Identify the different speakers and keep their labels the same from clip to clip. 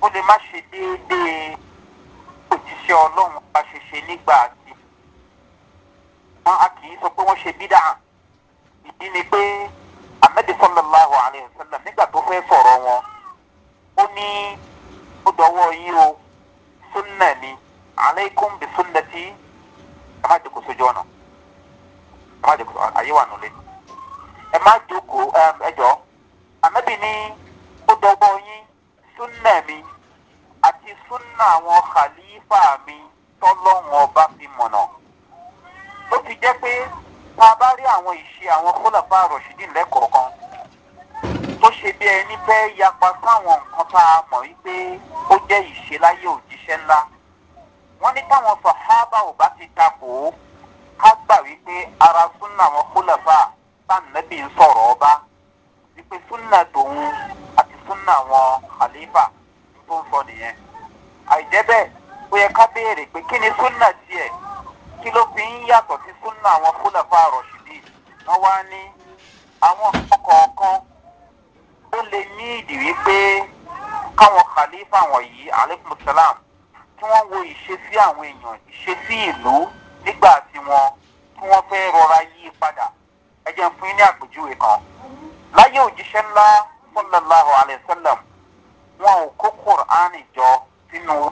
Speaker 1: ó lè má ṣe déédéé òjíṣẹ́ ọlọ́run bá ṣe ṣe nígbà àti wọn a kì í sọ pé wọ́n ṣe bídà ìdí ni pé ahmed sallallahu alayhi wa sallam nígbà tó fẹ́ sọ̀rọ̀ wọn ó ní ó dọwọ́ yín o sunna ni aleikum bi sunnati ẹ má jókòó sójú ọ̀nà ẹ má jókòó ayé wà nulẹ̀ ẹ má jókòó ẹ jọ ahmed ní ó dọwọ́ yín súnà mi àti súnà àwọn khalifa mi tọ́lọ́run ọba fi mọ̀nà. ló fi jẹ́ pé tá a bá rí àwọn ìṣe àwọn kólàfà rọ̀ṣídìn lẹ́kọ̀ọ̀kan tó ṣe bí ẹni fẹ́ yapa sáwọn nǹkan tá a mọ̀ wípé ó jẹ́ ìṣe láyé òjíṣẹ́ ńlá. wọ́n ní táwọn sọ̀hábà ò bá ti takò ó ká gbà wípé ara súnà àwọn kólàfà bá nàbí ń sọ̀rọ̀ ọba wípé súnà tòun àti. súnà àwọn khalifa tó ń fọ nìyẹn àìjẹ́ ó yẹ ká béèrè pé kí ni súnà tiẹ̀ kí ló fi ń yàtọ̀ sí sunna àwọn fúlàfà rọ̀ṣìdì wọn wá ní àwọn ọkọ̀ọ̀kan ó lè ní ìdí wípé káwọn khalifa wọ̀nyí aleikum salam kí wọ́n wo ìṣesí àwọn èèyàn ìṣesí ìlú nígbà tí wọ́n tí wọ́n fẹ́ rọra yí padà ẹ jẹun fún yín ní àpèjúwe kan láyé sallallahu alayhi wa sallam wọn ò kó kùránì jọ sínú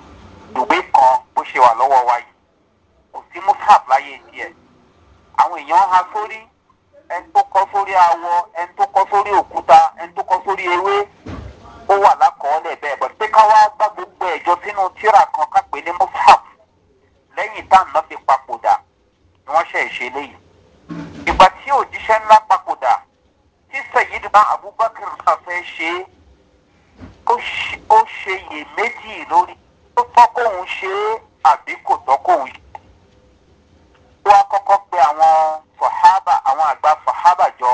Speaker 1: dùgbé kan bó ṣe wà lọ́wọ́ wa yìí kò sí mushaf láyé tiẹ̀ àwọn èèyàn ha sórí ẹni tó kọ́ sórí awọ ẹni tó kọ́ sórí òkúta ẹni tó kọ́ sórí ewé ó wà lákọọ́lẹ̀ bẹ́ẹ̀ bọ́ pé ká wá gbá gbogbo ẹ̀jọ́ sínú tíra kan kápẹ́ ní mushaf lẹ́yìn táwọn náà fi papòdà ni wọ́n ṣe é léyìí ìgbà tí òjíṣẹ́ ńlá pa bá abubakar náà fẹ́ ṣe é ó ṣe iyèméjì lórí tó tọ́ kóun ṣe é àbí kò tọ́ kóun ṣe é. ó wá kọ́kọ́ pe àwọn fàhábà àwọn àgbà fàhábà jọ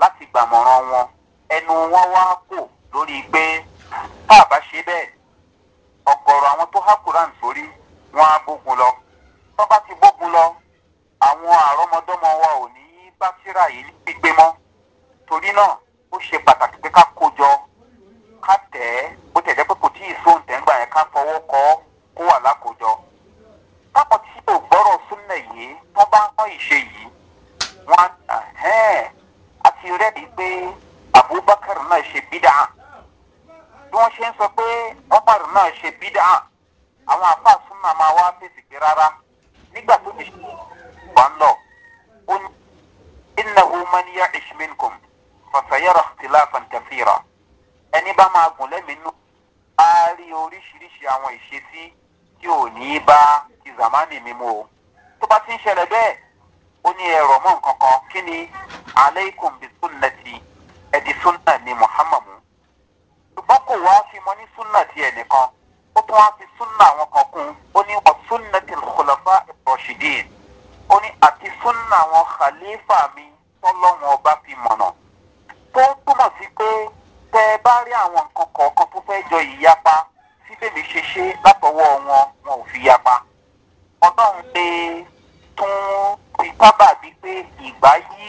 Speaker 1: láti gbàmọ̀ràn wọn ẹnu wọn wá kò lórí pé tá a bá ṣe bẹ́ẹ̀ ọ̀gọ̀rọ̀ àwọn tó há quran sórí wọn á gbógun lọ tó bá ti gbógun lọ àwọn àrọ́mọdọ́mọ wa ò ní bá síra yìí ní gbígbé mọ́ torí náà ó ṣe pàtàkì pé ká kó jọ ká tẹ̀ ẹ́ bó tẹ̀ jẹ́ pé kò tíì sóhun tẹ̀ ń gbà yẹn ká fọwọ́ kọ́ kó wà lákòójọ. táwọn tí gbọ́rọ̀ yìí wọ́n bá ń ìṣe yìí wọ́n á ti rẹ́ẹ̀dí pé abubakar náà ṣe bídà bí wọ́n ṣe ń sọ pé umar náà ṣe bídà àwọn àfáà súnmọ̀ máa wá fèsì pé rárá nígbà tó ti ṣe wà ń lọ ó ní fọ̀sọ̀yẹ̀rọ̀ tìláfàn kẹfìrà ẹni bá máa gùn lẹ́mìínú á rí oríṣiríṣi àwọn ìṣesí tí ò ní í bá ti zamani mímu o tó bá ti ń ṣẹlẹ̀ bẹ́ẹ̀ ó ní ẹ̀rọ mọ́ nǹkan kan kí ni aleikum bi sunnati ẹ̀dí sunna ni muhammadu ṣùgbọ́n kò wá fi mọ́ ní sunna ti ẹnìkan ó tún wá fi sunna àwọn kan kún ó ní wọ́n sunnati kòlọ́fà rọ̀ṣídìí ó ní àti sunna àwọn khalifa mi tọ́lọ́wọ́n ọba fi mọ̀nà tó ń túmọ̀ sí pé tẹ ẹ bá rí àwọn nǹkan kọ̀ọ̀kan tó fẹ́ jọ ìyapa tí bèbè ṣe ṣe látọwọ́ wọn wọn ò fi yapa ọlọ́run pé tún ti sábà bí pé ìgbà yí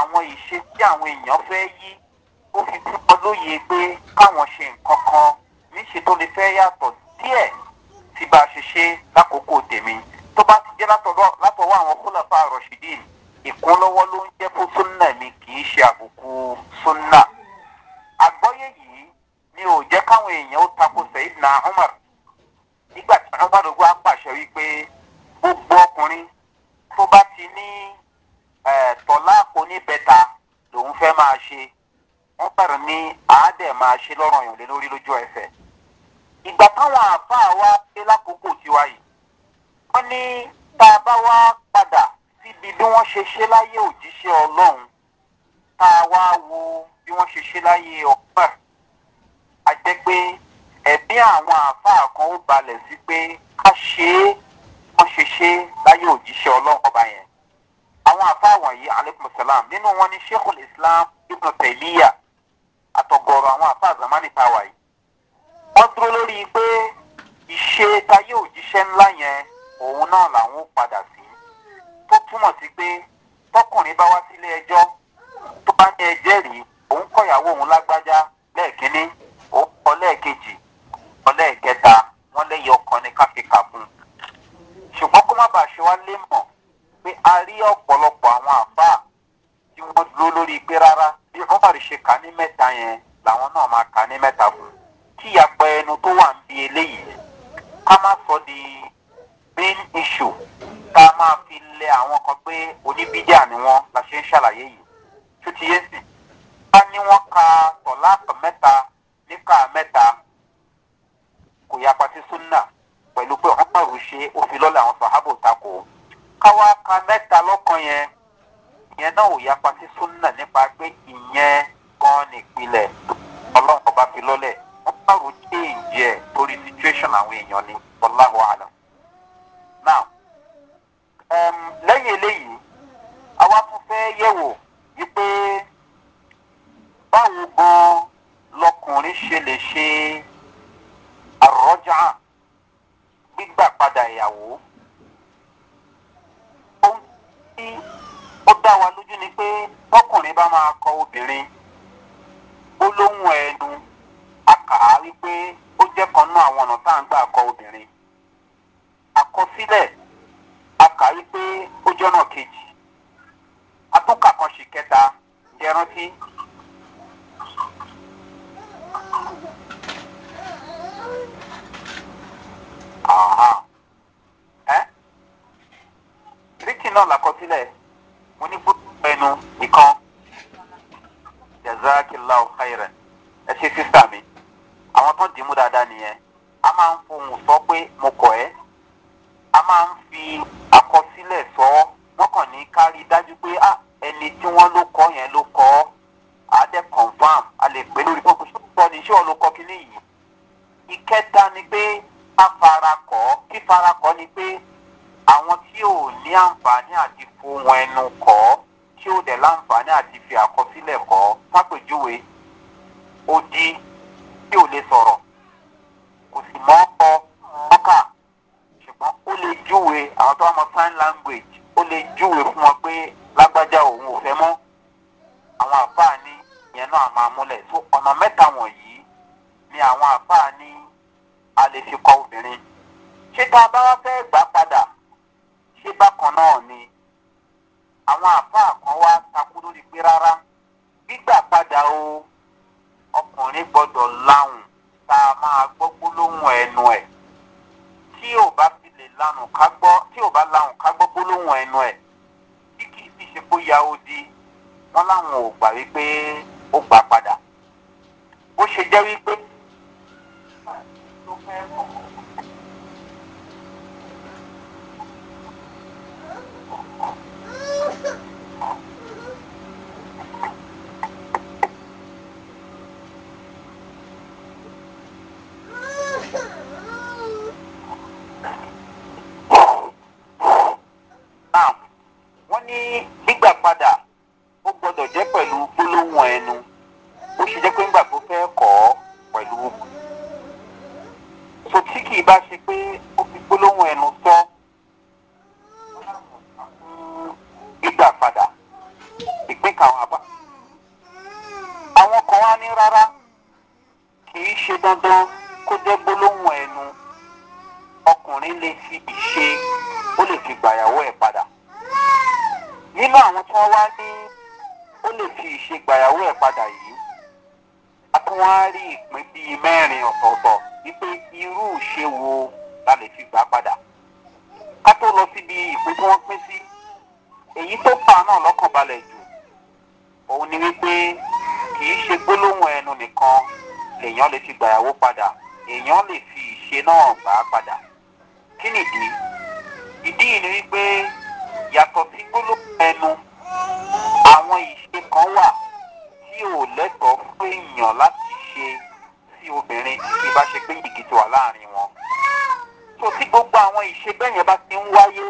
Speaker 1: àwọn ìṣe tí àwọn èèyàn fẹ́ yí ó fi túbọ̀ lóye pé káwọn ṣe nǹkan kan níṣe tó lè fẹ́ yàtọ̀ díẹ̀ tí bá a ṣe ṣe lákòókò tèmi tó bá ti jẹ́ látọwọ́ àwọn kólọ́fà rọ̀ṣídìí ìkúlọ́wọ́ ló ń jẹ́ fún súnà mi kì ṣe àbùkù súnà àgbọ́yé yìí ni ò jẹ́ káwọn èèyàn ó takò umar nígbà tí wọ́n bá á pàṣẹ wípé gbogbo ọkùnrin tó bá ti ní tọ́lá oníbẹ̀ta lòun fẹ́ máa ṣe ní àádẹ́ máa ṣe lórí lójú ẹsẹ̀ wa lákòókò tiwa yìí wọ́n ní tá a síbi bí wọ́n ṣe ṣe láyé òjíṣẹ́ ọlọ́run tá a wá wo bí wọ́n ṣe ṣe láyé ọ̀pẹ́ a jẹ́ pé ẹ̀bí àwọn àáfàá kan ó balẹ̀ sí pé ká ṣe é wọ́n ṣe ṣe láyé òjíṣẹ́ ọlọ́run ọba yẹn àwọn àáfàá wọ̀nyí aleikum salam nínú wọn ni sheikh islam ibn taymiya àtọ̀gọ̀rọ̀ àwọn àáfàá zamani tawa yìí wọ́n dúró lórí pé ìṣe táyé òjíṣẹ́ ńlá yẹn òun náà làwọn ó padà sí ó túmọ̀ sí pé tọkùnrin bá wá sílé ẹjọ́ tó bá ní ẹjẹ́ rí òun kọ̀yàwó òun lágbájá lẹ́ẹ̀kínní òun kọ lẹ́ẹ̀kejì ọlẹ́ẹ̀kẹta lẹ́ẹ̀kẹta lẹ́yìn ọkàn ní káfíkà fún un ṣùgbọ́n kó má bàa ṣe wá lé mọ̀ pé a rí ọ̀pọ̀lọpọ̀ àwọn àfáà tí wọ́n lórí pé tá a máa fi lẹ àwọn kan pé oníbídíà ni wọn la ṣe ń ṣàlàyé yìí tó ti bá ní wọn ka tọ̀láàpọ̀ mẹ́ta ní ká mẹ́ta kò yapa sí súnà pẹ̀lú pé ọmọ ìrù ṣe ó fi lọ́lẹ̀ àwọn sàhábò takò káwá ka mẹ́ta lọ́kàn yẹn ìyẹn náà ò yapa sí súnà nípa pé ìyẹn gan nìpìlẹ̀ ọlọ́run ọba fi lọ́lẹ̀ ọmọ ìrù ṣe ìjẹ́ torí situation àwọn èèyàn ni ọláhùn àlọ́ now. lẹ́yìn eléyìí àwa tún fẹ́ yẹ̀wò wípé báwo gan lọkùnrin ṣe lè ṣe àrọ́jà gbígbà padà ìyàwó ohun tí ó dá wa lójú ni pé ọkùnrin bá máa kọ obìnrin gbólóhùn ẹnu akàá wípé ó jẹ́ kan náà àwọn ọ̀nà tá à ń gbà kọ obìnrin àkọsílẹ̀. kà yí pé ó jọ́nà kejì atúnkà kan ṣì kẹta jẹ rántí. rítì náà làkọsílẹ̀ mo ní gbogbo ẹnu nìkan jazakillah khairan ẹ ṣe sísá mi àwọn tó dìímú dáadáa nìyẹn a máa ń fohùn sọ pé mo kọ̀ ẹ́ a máa ń fi sọ wọn kàn ní kárí dájú pé ẹni tí wọn ló kọ yẹn ló kọ adẹ confam a lè pè lórí pọpọ sọ ní iṣẹ olùkọ kínní yìí ìkẹta ni pé afarakọ fífarakọ ni pé àwọn tí ò ní àǹfààní àti fohùn ẹnu kọ tí ò dẹ̀ láǹfààní àti fi àkọsílẹ̀ kọ fápèjúwe odi tí ò lè sọ̀rọ̀ kò sì mọ́ ọ àwọn tó wà mọ sign language ó lè júwe fún wọn pé lágbájá òun ò fẹ́ mọ́ àwọn àfáà ní náà máa múlẹ̀ so ọ̀nà mẹ́ta wọ̀nyí ni àwọn àfáà a lè fi kọ obìnrin ṣé tá a bá wá fẹ́ padà ṣé bákan náà ni àwọn àfáà kan wá takú lórí pé rárá gbígbà padà o ọkùnrin gbọdọ̀ láwùn tá a máa gbọ́ gbólóhùn ẹnu ẹ̀ lè lanù ká gbọ́ tí ò bá lanù ká gbọ́ gbólóhùn ẹnu ẹ̀ bí kì í sì ṣe kó ya odi wọ́n láwọn ò gbà wípé ó gbà padà bó ṣe jẹ́ wípé tó fẹ́ kọ̀ọ̀kan. ò tí ì ṣe gbàyàwó ẹ̀ padà yìí a tún wá rí ìpín bíi mẹ́rin ọ̀tọ̀ọ̀tọ̀ wípé irú ìṣe wo la lè fi gbà padà ká tó lọ síbi ìpín tí wọ́n pín sí èyí tó fà náà lọ́kàn balẹ̀ jù òun ni wípé kì í ṣe gbólóhùn ẹnu nìkan lèèyàn lè fi gbàyàwó padà èèyàn lè fi ìṣe náà gbà padà kí nìdí ìdí yìí ni wípé yàtọ̀ sí gbólóhùn ẹnu àwọn ìṣe kan wà tí ò lẹ́tọ̀ọ́ fún èèyàn láti ṣe sí obìnrin tí bá ṣe pé yìgì ti wà láàrin wọn. tó tí gbogbo àwọn ìṣe bẹ́ẹ̀ yẹn bá ti ń wáyé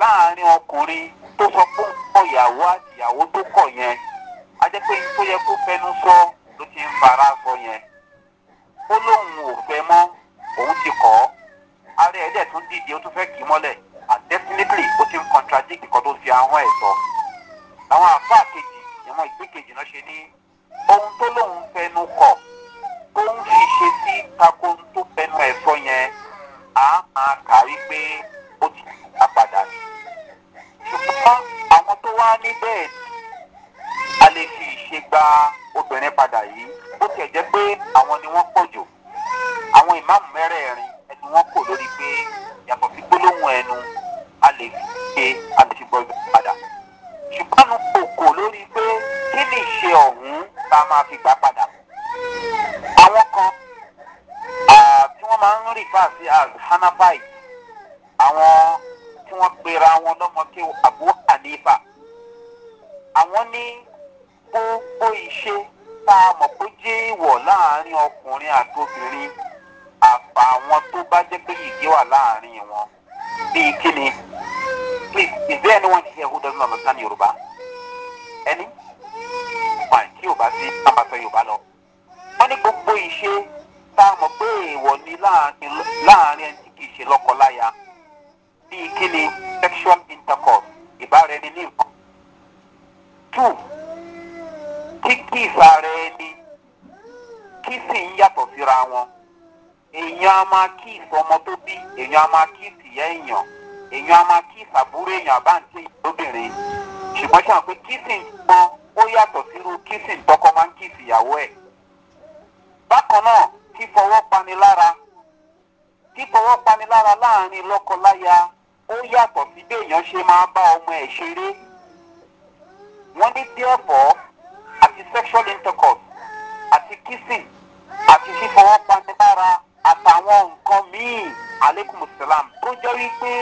Speaker 1: láàrin ọkùnrin tó sọ pé ń kọ ìyàwó tó kọ̀ yẹn a jẹ́ pé tó yẹ kó fẹnu sọ ló ti ń fara sọ yẹn. ó lóun ò fẹ́ mọ́ òun ti kọ́ ọ́ ara ẹ̀ dẹ̀ tún dìde ó tún fẹ́ kì mọ́lẹ̀ and definitely ó ti ń contradict nǹkan tó fi ahọ́n ẹ̀ sọ àwọn àfáà kejì ìwọn ìpín kejì náà ṣe ní ohun tó lóun fẹnu kọ tó ń ṣe sí tako tó fẹnu ẹ sọ yẹn á máa kà pé ó ti àpadà ni ṣùgbọ́n àwọn tó wá ní bẹ́ẹ̀ a lè fi ìṣe gba obìnrin padà yìí ó tiẹ̀ jẹ́ pé àwọn ni wọ́n pọ̀ jù àwọn ìmáàmù mẹ́rẹ̀ẹ̀rin ẹni wọ́n kò lórí pé yàtọ̀ sí gbólóhùn ẹnu a lè fi ṣe a lè fi gbọ́ padà ṣùgbọ́n mo kòkò lórí pé kí ni ìṣe ọ̀hún tá a máa fi gbà padà. àwọn kan tí wọ́n máa ń rìfà sí hanafai àwọn tí wọ́n pera wọn lọ́mọké àbú hanifa àwọn ní gbogbo ìṣe tá a mọ̀ pé jẹ́ ìwọ̀ láàrin ọkùnrin àti obìnrin àfàwọn tó bá jẹ́ pé yìí gé wà láàrin wọn bíi kíni Please, is there anyone here who doesn't understand Yoruba? Any? Fine, tí Yorùbá sí sábà fẹ́ Yorùbá lọ. Wọ́n ní gbogbo ìṣe tá a mọ̀ pé èèwọ̀ ni láàrin ẹni tí kìí ṣe lọ́kọláya. Bíi kí ni sexual intercourse ìbára ẹni ní nǹkan. Two, kíkí ìsàrẹ̀ ẹni kí sì ń yàtọ̀ síra wọn. Èèyàn a máa kí ìsọmọ tó bí, èèyàn a máa kí ìsìyẹ́ èèyàn èèyàn a máa kí ìsàbúrò èèyàn àbáǹtí lóbìnrin ṣùgbọ́n ṣe àwọn pé kissing gbọ́n ó yàtọ̀ sírú kissing tọkọ máa ń kiss ìyàwó ẹ̀. bákan náà fífọwọ́ panilára fífọwọ́ panilára láàrin lọ́kọ-láya ó yàtọ̀ sí bí èèyàn ṣe máa bá ọmọ ẹ̀ ṣeré. wọ́n ní therefore àti sexual intercourse àti kissing àti fífọwọ́ panilára àtàwọn nǹkan míì aleykum salam tó jẹ́ wípé.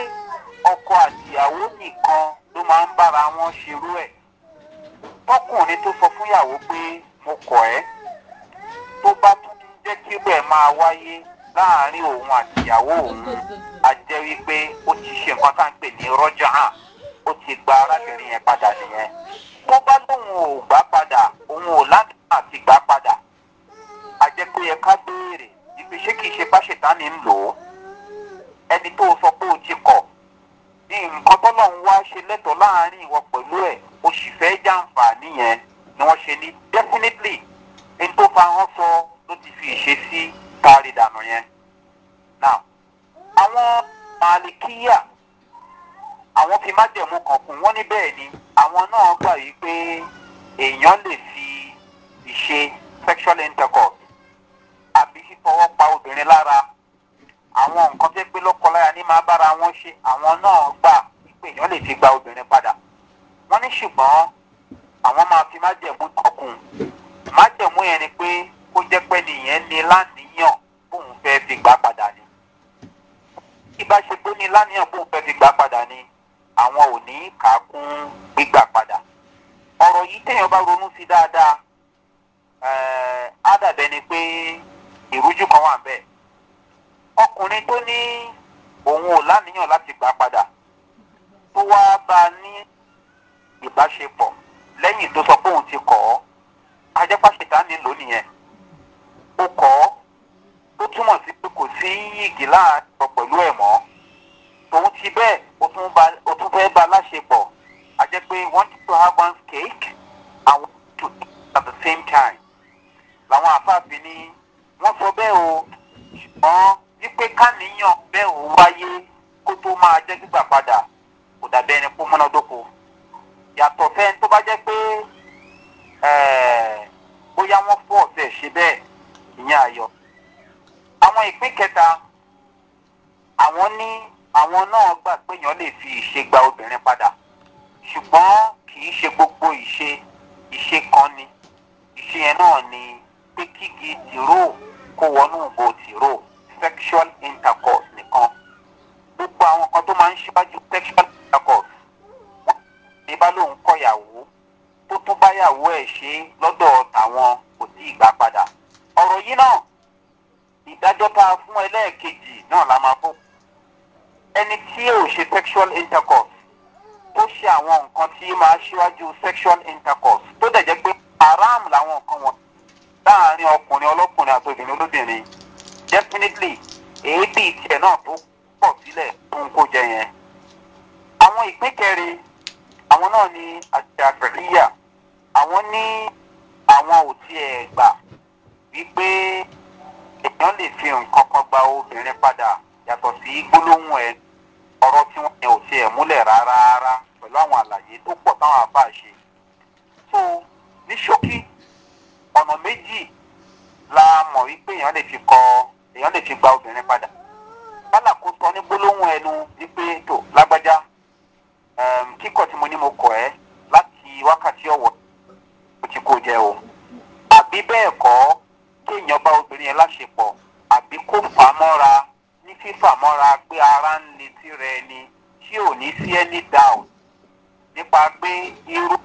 Speaker 1: ọkọ àtìyàwó nìkan ló máa ń bára wọn ṣerú ẹ̀ tọkùnrin tó sọ fúnyàwó pé mo kọ ẹ́ tó bá tún jẹ́ kí máa wáyé láàrin òun àtìyàwó òun a wípé ó ti ṣe nǹkan tá à ń pè ní hàn ó ti gba arábìnrin yẹn padà nìyẹn tó bá lóun ò padà òun ò láti padà ká béèrè kìí ṣe bá ń lò ó ẹni tó sọ o nǹkan tọ́lọ̀ ń wá ṣe lẹ́tọ̀ọ́ láàrin ìwọ pẹ̀lú ẹ̀ o sì fẹ́ jàǹfààní yẹn ni wọ́n ṣe ní definitely n tó fa hàn sọ ló ti fi ìṣe sí tààrí dànù yẹn. now àwọn màlìkíyà àwọn fi májẹ̀mú kan kún wọ́n ní bẹ́ẹ̀ ni àwọn náà gbà yí pé èèyàn lè fi ìṣe sexual intercourse àbí fífọwọ́ pa obìnrin lára àwọn nǹkan tó gbé lọ́kọláya ní máa bára wọn ṣe àwọn náà gbà pé èèyàn lè fi gba obìnrin padà wọ́n ní ṣùgbọ́n àwọn máa fi májẹ̀mú kọkùn májẹ̀mú yẹn ni pé kó jẹ́ pé nìyẹn ni láníyàn bóun fẹ́ fi gbà padà ni ìbá ṣe pé ní láníyàn bóun fẹ́ fi gbà padà ni àwọn ò ní kà á kún gbígbà padà ọ̀rọ̀ yìí téèyàn bá ronú sí dáadáa á dàbẹ́ ni pé ìrújú kan wà bẹ́ẹ̀ ọkùnrin tó ní òun ò láníyàn láti gbà padà tó wáá bá a ní ìbáṣepọ̀ lẹ́yìn tó sọ pé òun ti kọ̀ ọ́ ajẹ́pàṣẹta ni lò nìyẹn ó kọ̀ ọ́ tó túmọ̀ sí pé kò sí yìgì láàárọ̀ pẹ̀lú ẹ̀ mọ́ tòun ti bẹ́ẹ̀ ó tún fẹ́ bá a láṣepọ̀ ajẹ́ pé wọ́n ti have one cake and one to at the same time làwọn àfáàfin ni wọ́n sọ bẹ́ẹ̀ o ṣùgbọ́n. pé káníyàn bẹ́ẹ̀ ò wáyé kó tó máa jẹ́ gbígbà padà kò dàbí ẹni kó múnádóko yàtọ̀ fẹ́ni tó bá jẹ́ pé bóyá wọ́n fọ́ ọ̀sẹ̀ ṣe bẹ́ẹ̀ ìyẹn ayọ̀ àwọn ìpín kẹta àwọn ní àwọn náà gbà pé èèyàn lè fi ìṣe gba obìnrin padà ṣùgbọ́n kì í ṣe gbogbo ìṣe ìṣe kan ni ìṣe yẹn náà ni pé kígi tìró kó wọnú ìbò tìró. sexual intercourse nìkan gbogbo àwọn kan tó máa ń ṣíwájú sexual intercourse wọ́n ní bá lóun kọ̀yàwó tó tún báyàwó ẹ̀ ṣe lọ́dọ̀ tàwọn kò tí ì gbà padà ọ̀rọ̀ yìí náà ìdájọ́ tá a fún ẹlẹ́ẹ̀kejì náà la máa fún ẹni tí ò ṣe sexual intercourse tó ṣe àwọn nǹkan tí máa ṣíwájú sexual intercourse tó dẹ̀ jẹ́ pé haram làwọn nǹkan wọn láàrin ọkùnrin ọlọ́kùnrin àti obìnrin olóbìnrin definitely èébì tiẹ̀ náà tó pọ̀ sílẹ̀ tó ń kó jẹ yẹn. àwọn ìpín kẹrin àwọn náà ni àṣàfẹ́ríyà àwọn ní àwọn ò tiẹ̀ gbà wípé èèyàn lè fi nǹkan kan gba obìnrin padà yàtọ̀ sí gbólóhùn ẹ̀ ọ̀rọ̀ tí wọ́n yẹn ò tiẹ̀ múlẹ̀ rárá pẹ̀lú àwọn àlàyé tó pọ̀ táwọn àbá ṣe. tó ní ṣókí ọ̀nà méjì la mọ̀ wípé èèyàn lè fi kọ́ ọ. èèyàn lè fi gba obìnrin padà kálà kó sọ ní gbólóhùn ẹnu wípé tó lágbájá kíkọ̀ tí mo ní mo kọ̀ ẹ́ láti wákàtí ọ̀wọ̀ ó ti kó jẹ o àbí bẹ́ẹ̀ kọ́ kéèyàn bá obìnrin yẹn láṣepọ̀ àbí kó fà á mọ́ra ní fífà mọ́ra pé ara ń le tirẹ̀ ni tí ò ní sí any doubt nípa pé irú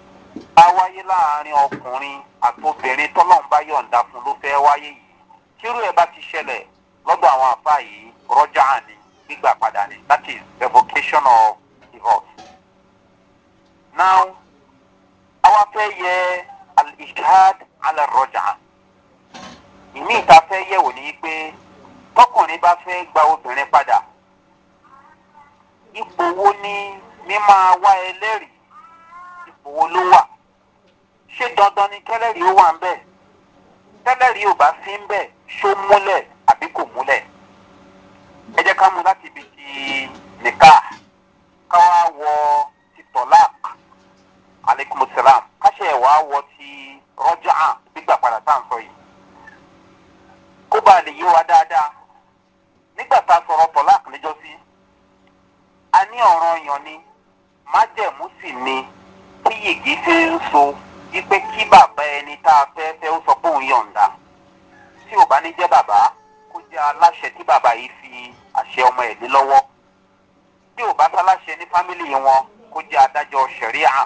Speaker 1: bá wáyé láàrin ọkùnrin àtobìnrin tọ́lọ́run bá yọ̀ǹda fún ló fẹ́ wáyé yìí tírú ẹ̀ bá ti ṣẹlẹ̀ lọ́dọ̀ àwọn àfa yìí rọ́jà ni gbígbà padà ni that is revocation of divorce. now our fẹ́ yẹ al-ishad ala rọ́jà ìmí ìta fẹ́ yẹ̀wò ni pé tọkùnrin bá fẹ́ gba obìnrin padà ipò wo ni mímọ wá ẹlẹ́rìí ipò wo ló wà ṣé dandan ni kẹlẹ́rìí ó wà ń bẹ̀ kẹlẹ́rìí ò bá sí ń bẹ̀ ṣó múlẹ̀ àbí kò múlẹ̀ ẹ jẹ́ ká mú láti ibi ti nìka ká wá wọ ti tọ́lák aleykum salam káṣẹ ẹ̀ wá wọ ti rọ́jà gbígbà padà tá à ń sọ yìí kó bá lè yé wa dáadáa nígbà tá a sọ̀rọ̀ tọ́lák níjọ́sí a ní ọ̀ràn yàn ni májẹ̀mú sì ni tí yìgì fi ń so wípé kí bàbá ẹni tá a fẹ́ fẹ́ ó sọ pé òun yọ̀ǹda tí ò bá ní jẹ́ bàbá kó jẹ́ aláṣẹ tí bàbá yìí fi àṣẹ ọmọ ẹ̀ lé lọ́wọ́ tí ò bá sáláṣẹ ní fámìlì wọn kó jẹ́ adájọ́ sẹ̀ríà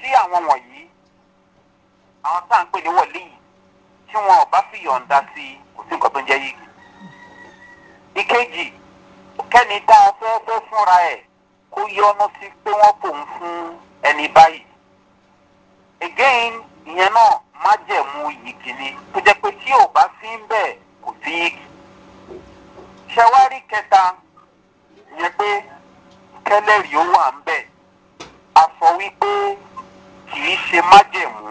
Speaker 1: tí àwọn wọ̀nyí àwọn tá à ń pè ní wọ̀lé yìí tí wọn ò bá fi yọ̀ǹda sí i kò sí nǹkan tó ń jẹ́ yìí. ìkejì kẹ́ni tá a fẹ́ fẹ́ fúnra ẹ̀ kó yọnu sí pé wọ́n kò ń fún ẹni báyìí. again ìyẹn náà májẹ̀mú yìgì ni tó jẹ́ pé tí ò bá sí ń bẹ̀ kò sí yìgì. ṣẹwárí kẹta yẹn pé kẹlẹ́rì ó wà ń bẹ̀ a sọ wípé kì í ṣe májẹ̀mú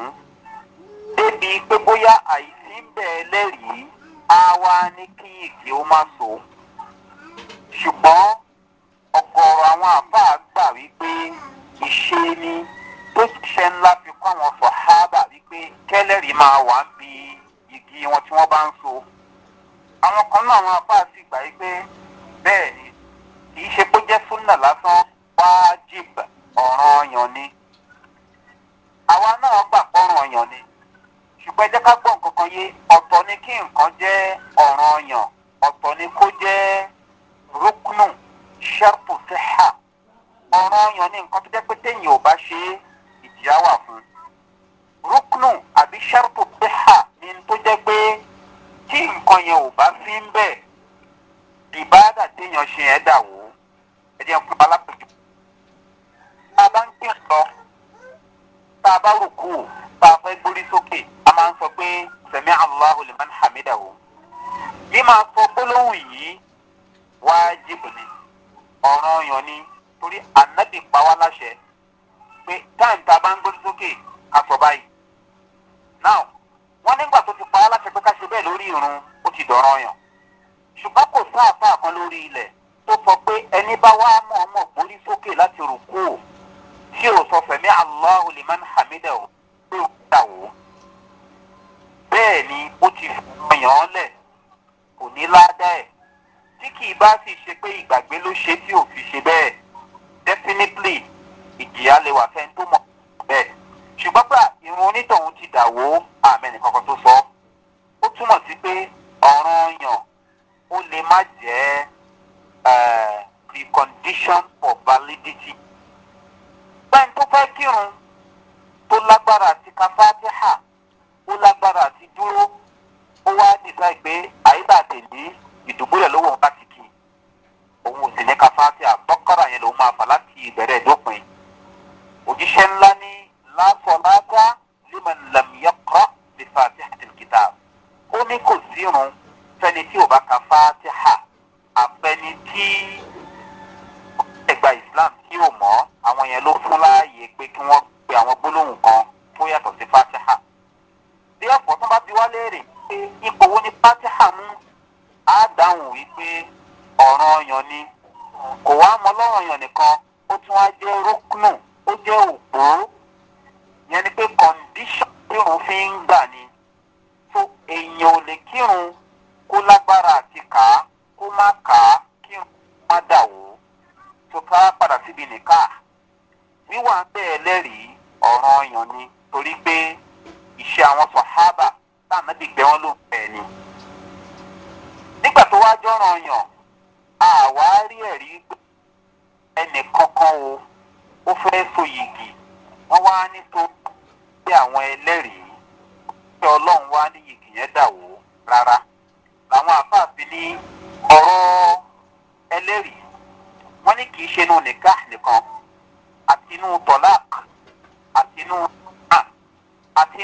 Speaker 1: débi pé bóyá àìsí ń bẹ̀ ẹlẹ́rìí á wá ní kí yìgì ó má so ṣùgbọ́n ọ̀gọ̀ọ̀rọ̀ àwọn àbá gbà wípé ìṣe ni. tó ṣiṣẹ́ ńlá fi kọ́ àwọn sọ̀hábà wípé kẹ́lẹ́rì máa wà ń igi wọn tí wọ́n bá ń so àwọn kan náà àwọn apá sì gbà yí bẹ́ẹ̀ ni kì í ṣe pé jẹ́ súnà lásán wájib ọ̀ràn ọyàn ni àwa náà gbà pọ́nrán ọyàn ni ṣùgbọ́n ẹ jẹ́ ká gbọ́ nǹkan kan yé ọ̀tọ̀ ni kí nǹkan jẹ́ ọ̀ràn ọyàn ọ̀tọ̀ ni kó jẹ́ rúknù ṣẹ́pù síhà ọ̀ràn ọyàn ni nǹkan tó jẹ́ pé téèyàn ò bá ṣe é. ìjìyà wà fún rúknù àbí sẹ́rùtù bíhà ni tó jẹ́ pé tí nǹkan yẹn ò bá sí ń bẹ̀ ìbáàdà téèyàn ṣe ẹ̀ dà wò ẹ jẹ́ fún alápèjú. tá a bá ń pè lọ tá a bá rò kú tá a fẹ́ gbórí sókè a máa ń sọ pé sẹ̀mí aláhùn lè máa ń hàmídà wò. bí máa sọ gbólóhùn yìí wáá jìbìlì ọ̀ràn ọ̀yàn ni torí ànábì pa wá láṣẹ pé táìmù tá a bá ń gbóni sókè aṣọ báyìí. now wọ́n nígbà tó ti pa á láti pé ká ṣe bẹ́ẹ̀ lórí irun ó ti dọ̀rọ̀ yàn. ṣùgbọ́n kò sáàfà kan lórí ilẹ̀ tó sọ pé ẹni bá wá mọ̀ ọmọ gbóni sókè láti rò kú ò tí ò sọ fẹ̀mí aláwo lè máa ń hàmídà ò pé ó gbà wò. bẹ́ẹ̀ ni ó ti yàn án lẹ̀ kò ní ládàá ẹ̀ tí kì í bá sì ṣe pé ìgbàgbé ló ṣe tí ò fi ṣe bẹ́ẹ̀ definitely ìjìyà lè wà fẹ́ tó mọ̀ bẹ́ẹ̀ ṣùgbọ́n pé irun onítọ̀hún ti dà wó àmì nìkankan tó sọ ó túmọ̀ sí pé ọ̀ràn yàn ó lè má jẹ́ precondition for validity gbẹ́ni tó fẹ́ kírun tó lágbára àti kafátíhà ó lágbára àti dúró ó wá dìgbà pé àyíká àtẹ̀lé ìdùbúlẹ̀ lówó bá ti kí òun ò sì ní kafátíhà tọ́kọ́rọ̀ yẹn lòun máa fà láti ìbẹ̀rẹ̀ dópin òjíṣẹ́ ńlá ní láfọlágá liman lamiyakra bí fatiha ti kìtà ó ní kò sírun fẹni tí ò bá ka fatiha àfẹni tí ẹgbà islam tí ò mọ àwọn yẹn ló fún láàyè pé kí wọ́n pe àwọn gbólóhùn kan tó yàtọ̀ sí fatiha bí ọ̀pọ̀ tó bá bi wá léèrè pé ipò wo ni fatiha mú á dáhùn wípé ọ̀ràn ọyàn ni kò wá mọ lọ́rọ̀ ọyàn nìkan ó tún wá jẹ́ rúknù ó jẹ́ òpó yẹn ni pé condition kírun fi ń gbà ni so èèyàn ò lè kírun kó lágbára àti kà á kó má kà á kírun má dà wó tó ká padà síbi nìka wíwà bẹ́ẹ̀ lẹ́rìí ọ̀ràn ọyàn ni torí pé iṣẹ́ àwọn sọ̀hábà táàmì ti gbẹ́ ló bẹ̀ ni. nígbà tó wá jọ̀ràn ọyàn àwa rí ẹ̀rí ẹnì kankan o ó fẹ́ so wọ́n wá ní tó àwọn ẹlẹ́rìí pé ọlọ́run wá ní yìgì yẹn dà rárá làwọn àfáàfin ní ọ̀rọ̀ ẹlẹ́rìí wọ́n ní kì í ṣe inú nìka nìkan àti inú tọ́lák àti inú àti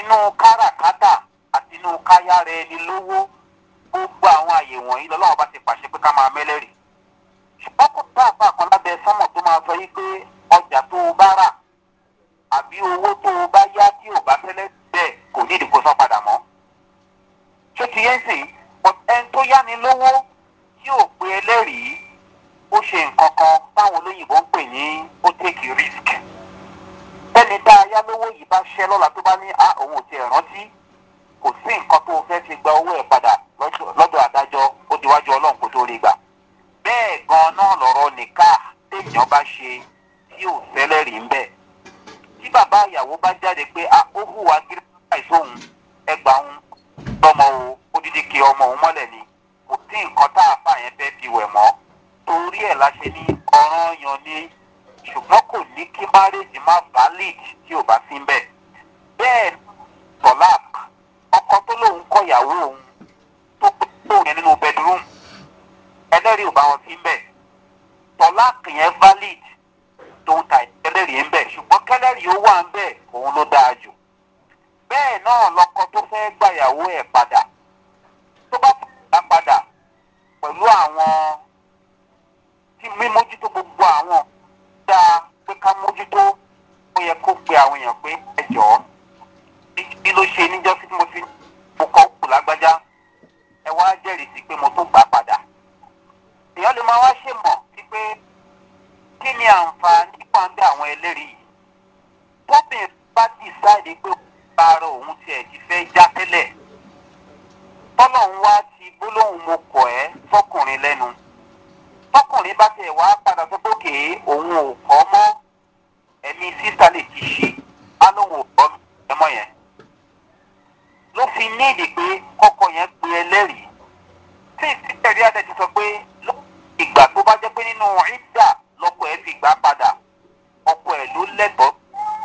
Speaker 1: lẹ́tọ̀ọ́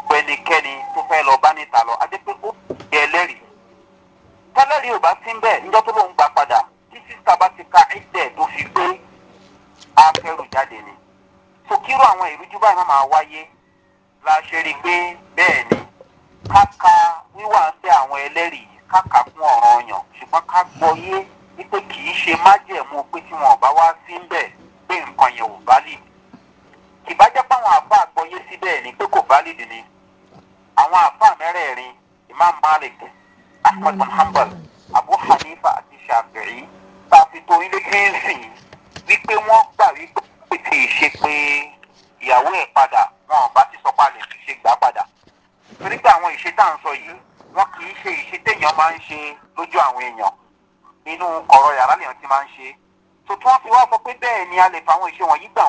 Speaker 1: pẹ̀lẹ́kẹ́ni tó fẹ́ lọ bá níta lọ adé pé ó yẹ ẹlẹ́rìí tẹ́lẹ̀rìí ò bá sí ń bẹ́ẹ̀ níjọ́ tó lóun gbà padà tí sísá bá ti ka ẹ̀jẹ̀ tó fi gbé afẹ́rù jáde ni so kíró àwọn ìrújú báyìí má máa wáyé la ṣe rí i pé bẹ́ẹ̀ ni káka wíwà sí àwọn ẹlẹ́rìí káka fún ọ̀ràn ọyàn ṣùgbọ́n ká gbọ́ yé wípé kì í ṣe májẹ̀mú pé tí wọn ò bá wá sí ń máa ń ṣe lójú àwọn èèyàn inú kọ̀rọ̀ yàrá lèèyàn ti máa ń ṣe tuntun wọn fi wá sọ pé bẹ́ẹ̀ ni a lè fa àwọn ìṣe wọ̀nyí gbà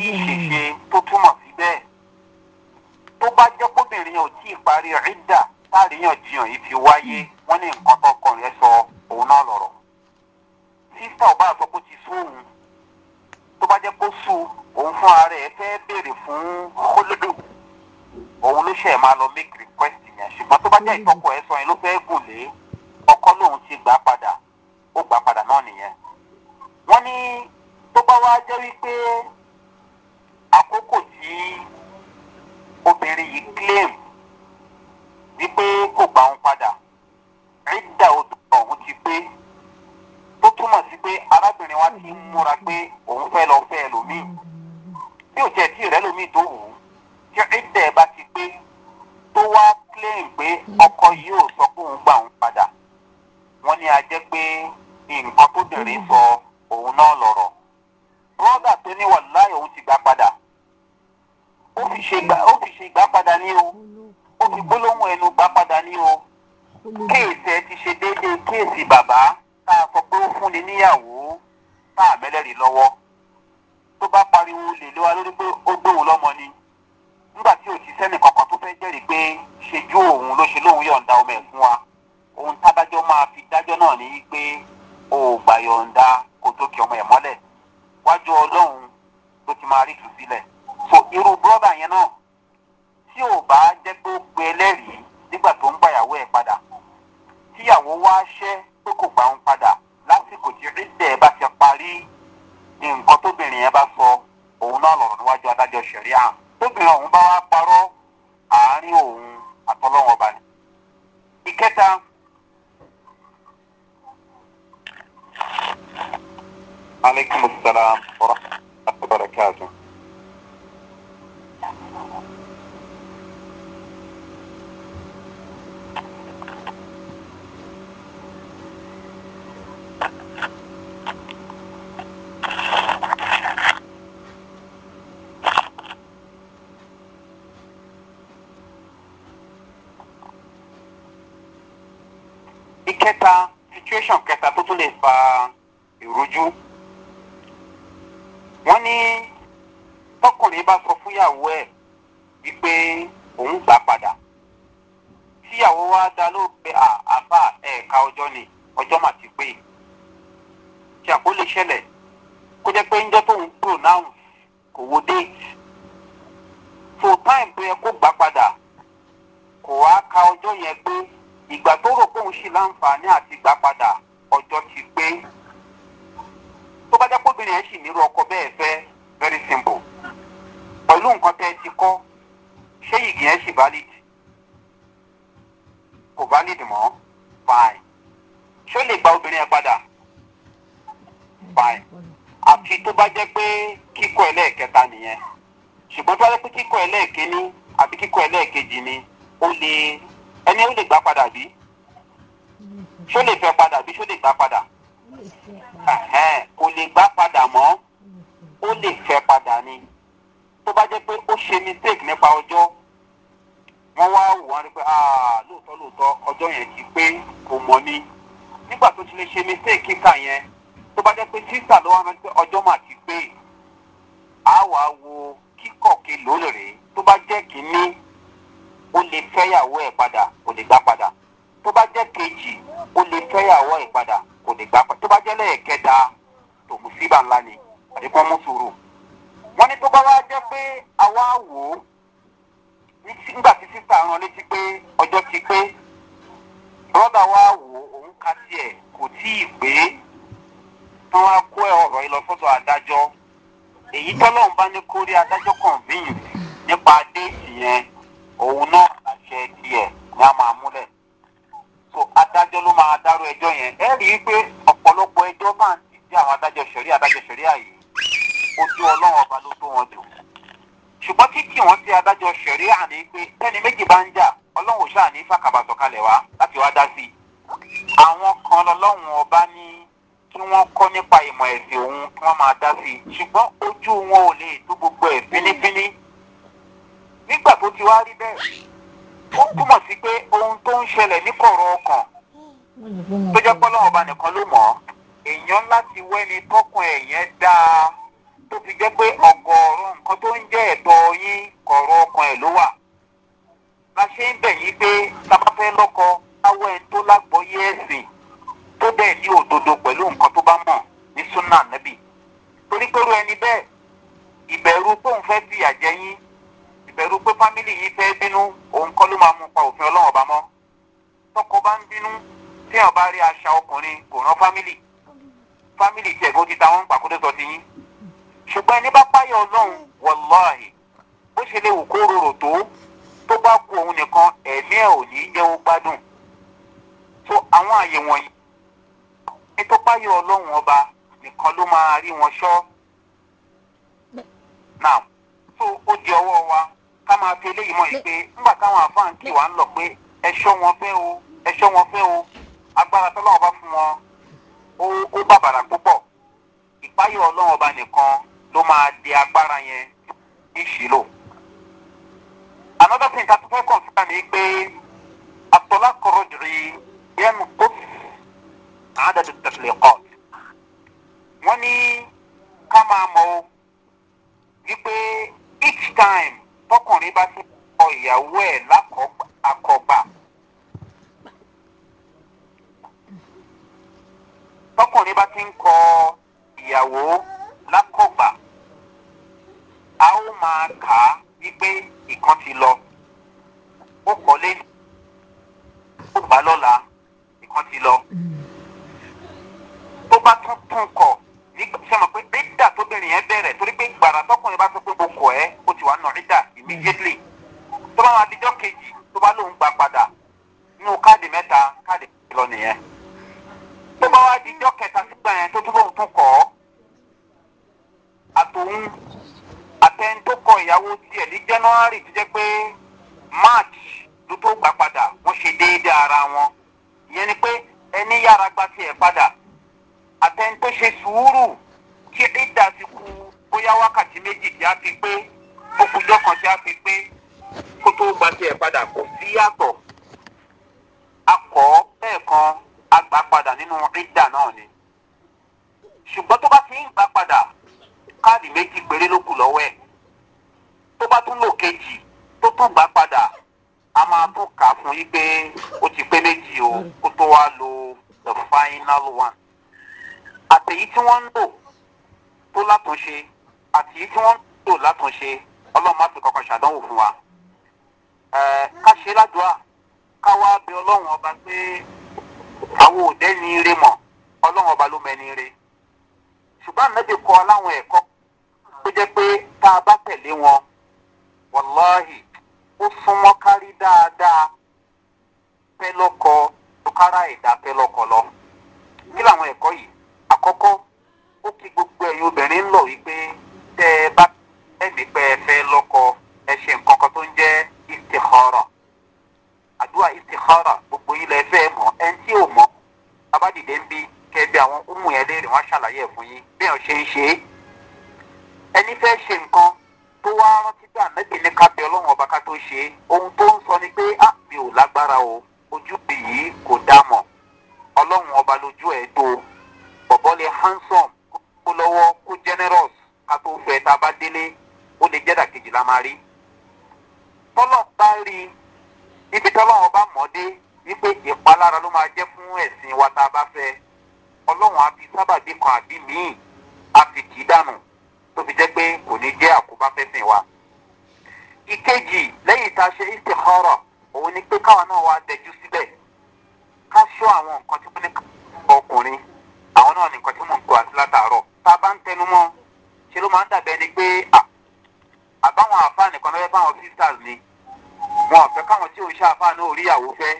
Speaker 1: ṣíṣe tó túmọ̀ sí bẹ́ẹ̀ tó bá jẹ́ kóbìnrin ò tí ì parí rídà táàríyànjiyàn yìí fi wáyé wọ́n ní nǹkan tọkùnrin ẹ sọ òun náà lọ̀rọ̀ sísá ò bá sọ pé ó ti sún òun tó bá jẹ́ kó sùn òun fún ara ẹ̀ fẹ́ béèrè fún kólódò òun ló ṣe ẹ̀ máa lọ make request yẹn ṣùgbọ́n tó bá jẹ́ ìtọ́kọ̀ ẹ̀ sọ yẹn ló fẹ́ gùn lé ọkọ lòun ti gbà pa. ìkẹta situation kẹta tó tún lè fa ìrújú wọn ní tọkùnrin bá sọ fúnyàwó ẹ wípé òun gbà padà tíyàwó wa dá ló pé àbá ẹ̀ka ọjọ́ ni ọjọ́ mà ti pé tí àpò lè ṣẹlẹ̀ kó jẹ́ pé ńjọ́ tóun pronounce kò wo date so time tó yẹ kó gbà padà kò wá ka ọjọ́ yẹn pé ìgbà tó rò bóun ṣì láǹfààní àti gbà padà ọjọ́ ti pé tó bá jápọ̀ obìnrin ẹ̀ sì nírú ọkọ bẹ́ẹ̀ fẹ́ very simple pẹ̀lú nǹkan tẹ́ ẹ ti kọ́ ṣé ìgì ẹ̀ sì valid kò valid mọ́ fine ṣé ó lè gba obìnrin ẹ̀ padà fine àfi tó bá jẹ́ pé kíkọ́ ẹlẹ́ẹ̀kẹta nìyẹn ṣùgbọ́n tó bá jẹ́ pé kíkọ́ ẹlẹ́ẹ̀kẹ́ni àbí kíkọ́ ẹlẹ́ẹ̀kejì ni ó lè ẹni ó lè gbà padà bí ṣó lè fẹ́ padà bí ṣó lè gbà padà kò lè gbà padà mọ́ ó lè fẹ́ padà ni tó bá jẹ́ pé ó ṣe mistake nípa ọjọ́ wọ́n wá wò wọ́n rí pé ah, lóòótọ́ lóòótọ́ ọjọ́ yẹn ti pé kò mọ̀ ni nígbà tó ti lè ṣe mistake kíkà yẹn tó bá jẹ́ pé sísà ló wá rántí pé ọjọ́ mà ti pé àá wàá wo kíkọ̀ kelòó lè rèé tó bá jẹ́ kínní. o lè fẹ́yàwó ẹ̀ padà kò lè gbá padà tó bá jẹ́ kejì o lè fẹ́yàwó ẹ̀ padà kò lè gbá padà tó bá jẹ́ lẹ́ẹ̀kẹta tòmù síbà ńlá ni àdìpọ́n mú sòrò wọ́n ní tó bá jẹ́ pé àwa wò ó nígbà tí létí pé ọjọ́ ti pé wò ó òun kò tíì pé kó ọ̀rọ̀ yìí lọ èyí tọ́lọ́run òun náà àṣẹ tiẹ̀ ni a máa múlẹ̀ so adájọ́ ló máa dárò ẹjọ́ yẹn ẹ rí i pé ọ̀pọ̀lọpọ̀ ẹjọ́ máa ń tì sí àwọn adájọ́ sẹ̀rí adájọ́ sẹ̀rí àyè ojú ọlọ́run ọba ló tó wọn jù ṣùgbọ́n kíkì wọ́n sí adájọ́ sẹ̀rí àní pé tẹ́ni méjì bá ń jà ọlọ́run ṣáà ní fàkàbàtọ̀ kalẹ̀ wá láti wá dá sí i àwọn kan lọ́lọ́run ọba ní kí wọ́n kọ́ nípa ìmọ̀ ẹ̀sìn òun kí wọ́n máa dá sí i ṣùgbọ́n ojú wọn ò lè tó gbogbo ẹ̀ fínífíní nígbà tó ti wá rí bẹ́ẹ̀ ó túmọ̀ sí pé ohun tó ń ṣẹlẹ̀ ní kọ̀rọ̀ ọkàn tó jẹ́ pọ́ lọ́wọ́ ọba nìkan ló mọ̀ ọ́ èèyàn láti wẹ́ni tọkùn ẹ̀yẹn dáa tó fi jẹ́ pé ọ̀gọ̀ọ̀rọ̀ nǹkan tó ń jẹ́ ẹ̀tọ́ yín kọ̀rọ̀ ọkàn ẹ̀ ló wà la ṣe ń bẹ̀ yín pé tábà fẹ́ lọ́kọ láwọ́ ẹni tó lágbọ́yé ẹ̀sìn tó bẹ́ẹ̀ ní òdodo pẹ̀lú nǹkan tó bá mọ̀ ní súnà níbì torí pé irú ẹni bẹ́ẹ̀ ìbẹ̀rù tóun fẹ́ fìyà jẹ ìbẹ̀rù pé fámìlì yìí fẹ́ bínú òun kọ́ ló máa mú pa òfin ọlọ́run ọba mọ́ tọkọ bá ń bínú tí wọn bá rí aṣa ọkùnrin kò rán fámìlì fámìlì tiẹ̀ kó ti ta wọn pàkótó sọ ti yín ṣùgbọ́n ẹni bá páyọ̀ ọlọ́run wọláhì Ó ṣe lè wù kó rorò tó tó bá ku òun nìkan ẹ̀mí ẹ̀ ò ní jẹ́ ó gbádùn tó àwọn àyè wọ̀nyí ẹni tó páyọ̀ ọlọ́run ọba nìkan ló máa rí wọn ṣọ́ ká máa fi eléyìí mọ̀ yìí pé nígbà táwọn àfáà ń kí wàá ń lọ pé ẹ̀ṣọ́ wọn fẹ́ o ẹ̀ṣọ́ wọn fẹ́ o agbára tọ́lọ́wọ́ bá fún wọn ó ó bàbàrà púpọ̀ ìpáyọ̀ ọlọ́wọ́ bá nìkan ló máa di agbára yẹn ìṣìlò. another thing tàbí fẹ́ kọ̀ǹsíta ni pé àtọ́lá kọ̀rọ̀ jìrì yẹnu kó àádọ́dọ̀ tẹ̀lé kọ́ wọ́n ní ká máa mọ̀ o wípé each time tọkùnrin bá ti kọ ìyàwó ẹ̀ lákọ̀ọ́gbà tọkùnrin bá ti ń kọ ìyàwó lákọ̀ọ́gbà a ó máa kà á wípé ìkan ti lọ ó kọ́lé ó gbà lọ́la ìkan ti lọ mm. tó bá tún tún kọ̀ sọmọ pé bídà tóbìnrin yẹn bẹ̀rẹ̀ torí pé gbàrà tọkùnrin bá tó pé mo kọ̀ ẹ́ o ti wà nù ìdà immediately tó bá wà díjọ́ kejì tó bá lóun gbà padà nínú káàdì mẹ́ta káàdì lọ nìyẹn tó bá wà díjọ́ kẹta sígbà yẹn tó tún lóun tún kọ̀ àtòun àtẹn tó kọ ìyàwó tiẹ̀ ní january tó jẹ́ pé march ló tó gbà padà wọ́n ṣe déédéé ara wọn ìyẹn ni pé ẹni yára gba tiẹ̀ padà àtẹni tó ṣe sùúrù tí ìdá ti ku bóyá wákàtí méjì tí a fi pé okùnjọ́ kan tí a fi pé kó tó gba tiẹ̀ padà kò sí yàtọ̀ akọ̀ lẹ́ẹ̀kan agbà padà nínú ìdá náà ni ṣùgbọ́n tó bá ti ń gbà padà káàdì méjì péré ló kù lọ́wọ́ ẹ̀ tó bá tún lò kejì tó tún gbà padà a máa tún kà á fún yí pé ó ti pé méjì o kó tó wá lo the final one àtẹ̀yí tí wọ́n ń lò tó látúnṣe àtẹ̀yí tí wọ́n ń lò látúnṣe ọlọ́run má fi kankan ṣàdánwò fún wa. ká ṣe ládùúrà ká wá bẹ ọlọ́run ọba pé àwọn òde ní ire mọ̀ ọlọ́run ọba ló mẹ́ni ire. ṣùgbọ́n ànábì kọ láwọn ẹ̀kọ́ tó jẹ́ pé tá a bá tẹ̀lé wọn wàláhì ó súnmọ́ kárí dáadáa pẹ́ lọ́kọ tó kára ẹ̀dá pẹ́ lọ́kọ lọ. kí làwọn ẹ̀kọ́ yìí? àkọ́kọ́ ó kí gbogbo ẹ̀yin obìnrin ń lọ wípé tẹ́ ẹ bá ẹ̀mí pé ẹ fẹ́ lọ́kọ ẹ ṣe nǹkan kan tó ń jẹ́ ìtìkọ́rọ̀ àdúrà ìtìkọ́rọ̀ gbogbo ilẹ̀ fẹ́ mọ̀ ẹ ń tí ò mọ̀ abádìde ń bí kẹbi àwọn ohun yẹn léèrè wọn ṣàlàyé ẹ fún yín bí wọn ṣe ń ṣe é ẹni fẹ́ ṣe nǹkan tó wá rántí gbà mẹ́bí ní ká bẹ ọlọ́run ọba ká tó ṣe é ohun tó ń sọ ni pé á mi ò lágbára o ojú mi yìí kò dá mọ̀ ọlọ́run ọba lójú ẹ̀ tó o bọ̀bọ́ lè handsome kó lọ́wọ́ kó generous ká tó fẹ́ tá a bá délé ó lè jẹ́ dàkejì la máa rí. tọ́lọ̀ bá rí ibi tọ́lọ̀ wọn bá mọ̀ dé wípé ìpalára ló máa jẹ́ fún ẹ̀sìn wa tá a bá fẹ́ ọlọ́run á fi sábàbí kan àbí míì á fi kì í dànù tó fi jẹ́ pé kò ní jẹ́ àkóbá fẹ́sìn wa. ìkejì lẹ́yìn tá a ṣe ìṣèkọ́rọ̀ òun ni pé káwọn náà wá dẹjú síbẹ̀ ká ṣọ́ àwọn nǹkan tí wọ́n ní ọkùnrin àwọn náà nìkan tí mò ń kọ àti látàárọ̀ tá a bá ń tẹnu mọ́ ṣe ló máa ń dàbẹ́ ni pé àbáwọn àfa nìkan lọ́wọ́ báwọn sisters ni wọn ò fẹ́ káwọn tí òun ṣàfà náà ò ríyàwó fẹ́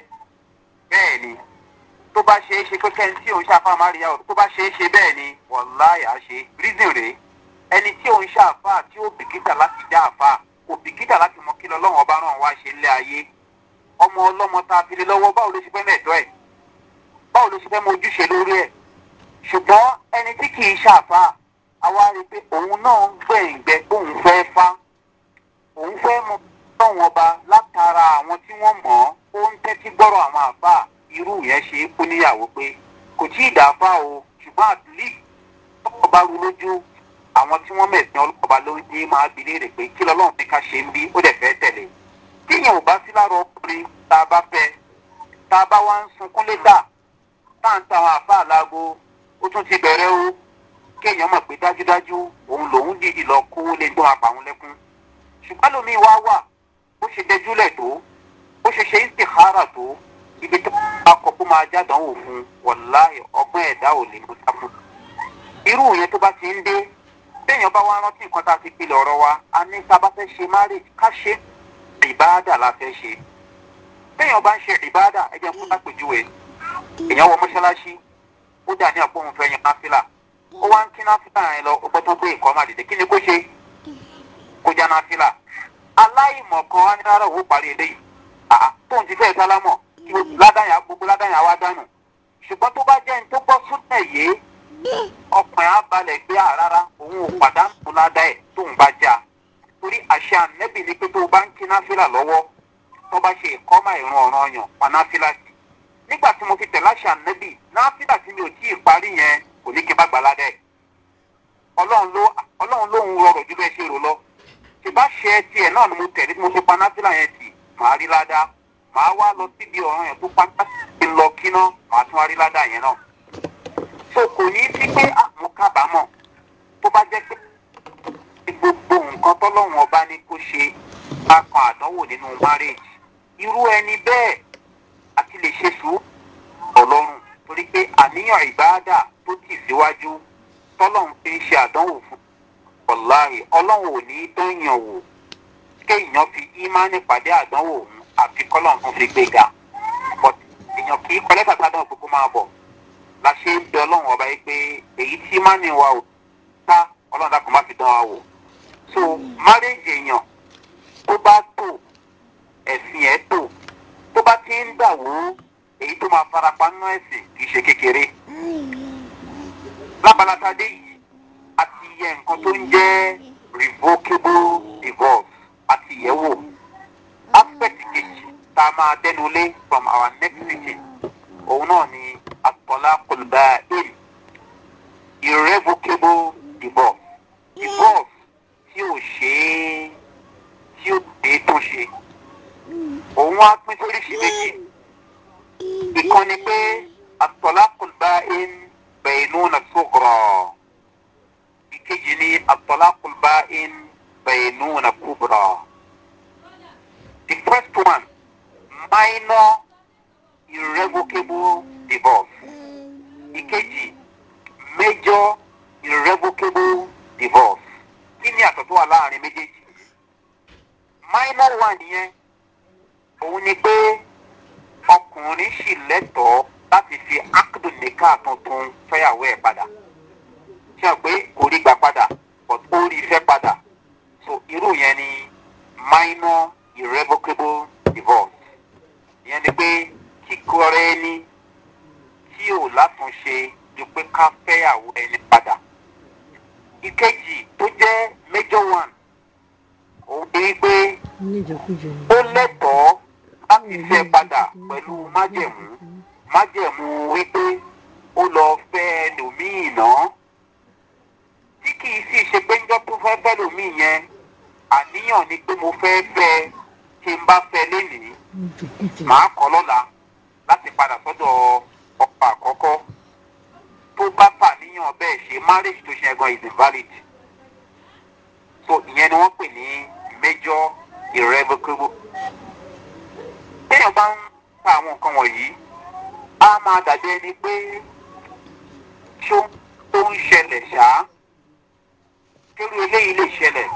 Speaker 1: bẹ́ẹ̀ ni tó bá ṣe é ṣe pé kẹ́ni tí òun ṣàfà máa ríyàwó tó bá ṣe é ṣe bẹ́ẹ̀ ni wọ̀láyà ṣe reason rèé ẹni tí òun ṣàfà tí ó bìkítà láti dá àfà kò bìkítà láti mọ kí lọ́lọ́wọ́n bá ràn wá ṣe ńlẹ̀ ayé ọmọ ọlọ́mọ ta fi lè lọ́wọ́ báwo ló ṣe fẹ́ mẹ́ẹ̀dọ́ ẹ̀ báwo ló ṣe fẹ́ mọ ojúṣe lórí ẹ̀ ṣùgbọ́n ẹni tí kì í ṣàfà àwa rí i pé òun náà ń gbẹ̀ǹgbẹ́ òun fẹ́ fá òun fẹ́ mọ tọ̀wọ́n ọba látara àwọn tí wọ́n mọ̀ ọ́ ó ń tẹ́tí gbọ́rọ̀ àwọn àfà irú yẹn ṣe é kú níyàwó pé kò tí ì dàáfà o ṣùgbọ́n àdúlí ọba ru lójú àwọn tí wọ́n mẹ̀sìn ọlọ́ọ̀ba ló ní máa bi léèrè pé kí lọ́lọ́run ní ká ṣe ń bí ó dẹ̀ fẹ́ tẹ̀lé tíyẹn ò bá sí lára ọkùnrin tá a bá fẹ́ tá a bá wá ń sunkún lé ó tún ti bẹ̀rẹ̀ o kéèyàn mọ̀ pé dájúdájú òun lòún dìdì lọ kó lè gbọ́ apàwọn lẹ́kún ṣùgbọ́n lómi wá wà ó ṣe jẹjúlẹ̀ tó ó ṣe ṣe ìsìkára tó ibi tó bá kọ kó máa jádánwò fún wọ̀láì ọgbọ́n ẹ̀dá ò lè mú sáfún. irú yẹn tó bá ti ń dé téèyàn bá wá rántí nǹkan tá a ti pilẹ̀ ọ̀rọ̀ wa a ní tá a bá fẹ́ ṣe marriage ká ṣe ìbáàdà la fẹ́ ṣe téèyàn bá ń ṣe ìbáàdà ẹ jẹ́ lápèjúwe èèyàn wọ mọ́ṣáláṣí ó dàdí àpò òun fẹ́ yan náfìlà ó wá ń kí náfìlà yẹn lọ ọgbẹ́ tó gbé nǹkan má dìde kí ni kó ṣe kó já náfìlà aláìmọ̀ kan á ní rárá òwò parí eléyìí àá tóun ti fẹ́ẹ́ sálámọ̀ kí ládàáyà gbogbo ládàáyà wá dànù ṣùgbọ́n tó bá jẹ́ ní tó gbọ́ súnmẹ̀ yìí ọkùnrin á balẹ̀ gbé àrárá òun ò pàdánù ládàá ẹ̀ tóun bá já torí àṣà nẹ́bì ni pé tó bá ń kí náfìlà lọ́wọ́ tó bá ṣe ìkọ́mà ìrún ọ̀ràn ọ̀yàn pa náfìlà sí nígbà tí mo fi tẹ̀ láṣẹ ànábì náà sígbà tí mi ò tí ì parí yẹn kò ní kí n bá gbà ládẹ́ ọlọ́run lóhun rọrọ̀ ju bẹ́ẹ̀ ṣe rò lọ tí bá ṣe ẹ tiẹ̀ náà ni mo tẹ̀lé tí mo ṣe panásílà yẹn tì màá rí ládàá màá wá lọ síbi ọ̀ràn yẹn tó panásílà lọ kíná màá tún wá rí ládàá yẹn náà so kò ní sí pé àwọn kábàámọ̀ tó bá jẹ́ pé gbogbo nǹkan tọ́lọ́run ọba ní kó ṣe bá àdánwò nínú márèèjì irú ẹni bẹ́ẹ̀ àti lè ṣe sùúrù ọlọ́run torí pé àníyàn ìbáàdà tó tì síwájú tọ́lọ́run fi ń ṣe àdánwò fún ọ̀láì ọlọ́run ò ní dányàn wò kéèyàn fi ímánì pàdé àdánwò òun àfi kọ́lọ́run fi gbéga èèyàn kì í kọ́lẹ́tà sádàn gbogbo máa bọ̀ la ṣe ń bẹ ọlọ́run ọba yìí pé èyí tí ímánì wa ò tá ọlọ́run dàkọ̀ má fi dán wa wò so márèèjì èèyàn tó bá tò ẹ̀sìn ẹ̀ tò tó bá ti ń dà wó èyí tó máa farapa nínú ẹ̀sìn kì í ṣe kékeré. lábalatadé yìí a ti yẹ nǹkan tó ń jẹ́ revocable divorce a ti yẹ wò aspect kejì tá a máa dẹnu lé from our next meeting òun náà ni atọ́lá kọlùbá in irrevocable divorce divorce tí ò ṣe é tí ò dé tó ṣe òun á pín sóríṣi méjì ìkan ni pé àtọ̀lákùnbá in bẹ̀ẹ̀nù nà sókòrò ìkejì ni àtọ̀lákùnbá in bẹ̀ẹ̀nù nà kúbùrọ̀ the first one minor irrevocable divorce ìkejì major irrevocable divorce kí ni àtọ̀tọ̀ wà láàrin méjèèjì minor one yẹn òun ni pé ọkùnrin sì lẹ́tọ̀ọ́ láti fi ákùdù nìka tuntun fẹ́yàwó ẹ̀ padà ṣe hàn pé kò rí gbà padà but ó rí fẹ́ padà so irú yẹn ni minor irrevocable divorce ìyẹn ni pé kíkọrẹ ẹni tí ò látúnṣe ju pé ká fẹ́yàwó ẹni padà ìkejì tó jẹ́ major one òun ni pé ó lẹ́tọ̀ọ́ bá mi fẹ́ padà pẹ̀lú májẹ̀mú májẹ̀mú wípé ó lọ fẹ́ ẹlòmíì náà tí kìí sì ṣe pé ń jọ́ tó fẹ́ fẹ́ lòmíì yẹn àníyàn ni pé mo fẹ́ fẹ́ ṣe ń bá fẹ́ lénìí màá kọ́ lọ́la láti padà sọ́dọ̀ ọ̀pá àkọ́kọ́ tó bá pàníyàn bẹ́ẹ̀ ṣe marriage tó ṣe ẹ̀gbọ́n is invalid so ìyẹn ni wọ́n pè ní. máa dàbí ẹni pé ṣó tó ń ṣẹlẹ̀ ṣá kérú eléyìí lè ṣẹlẹ̀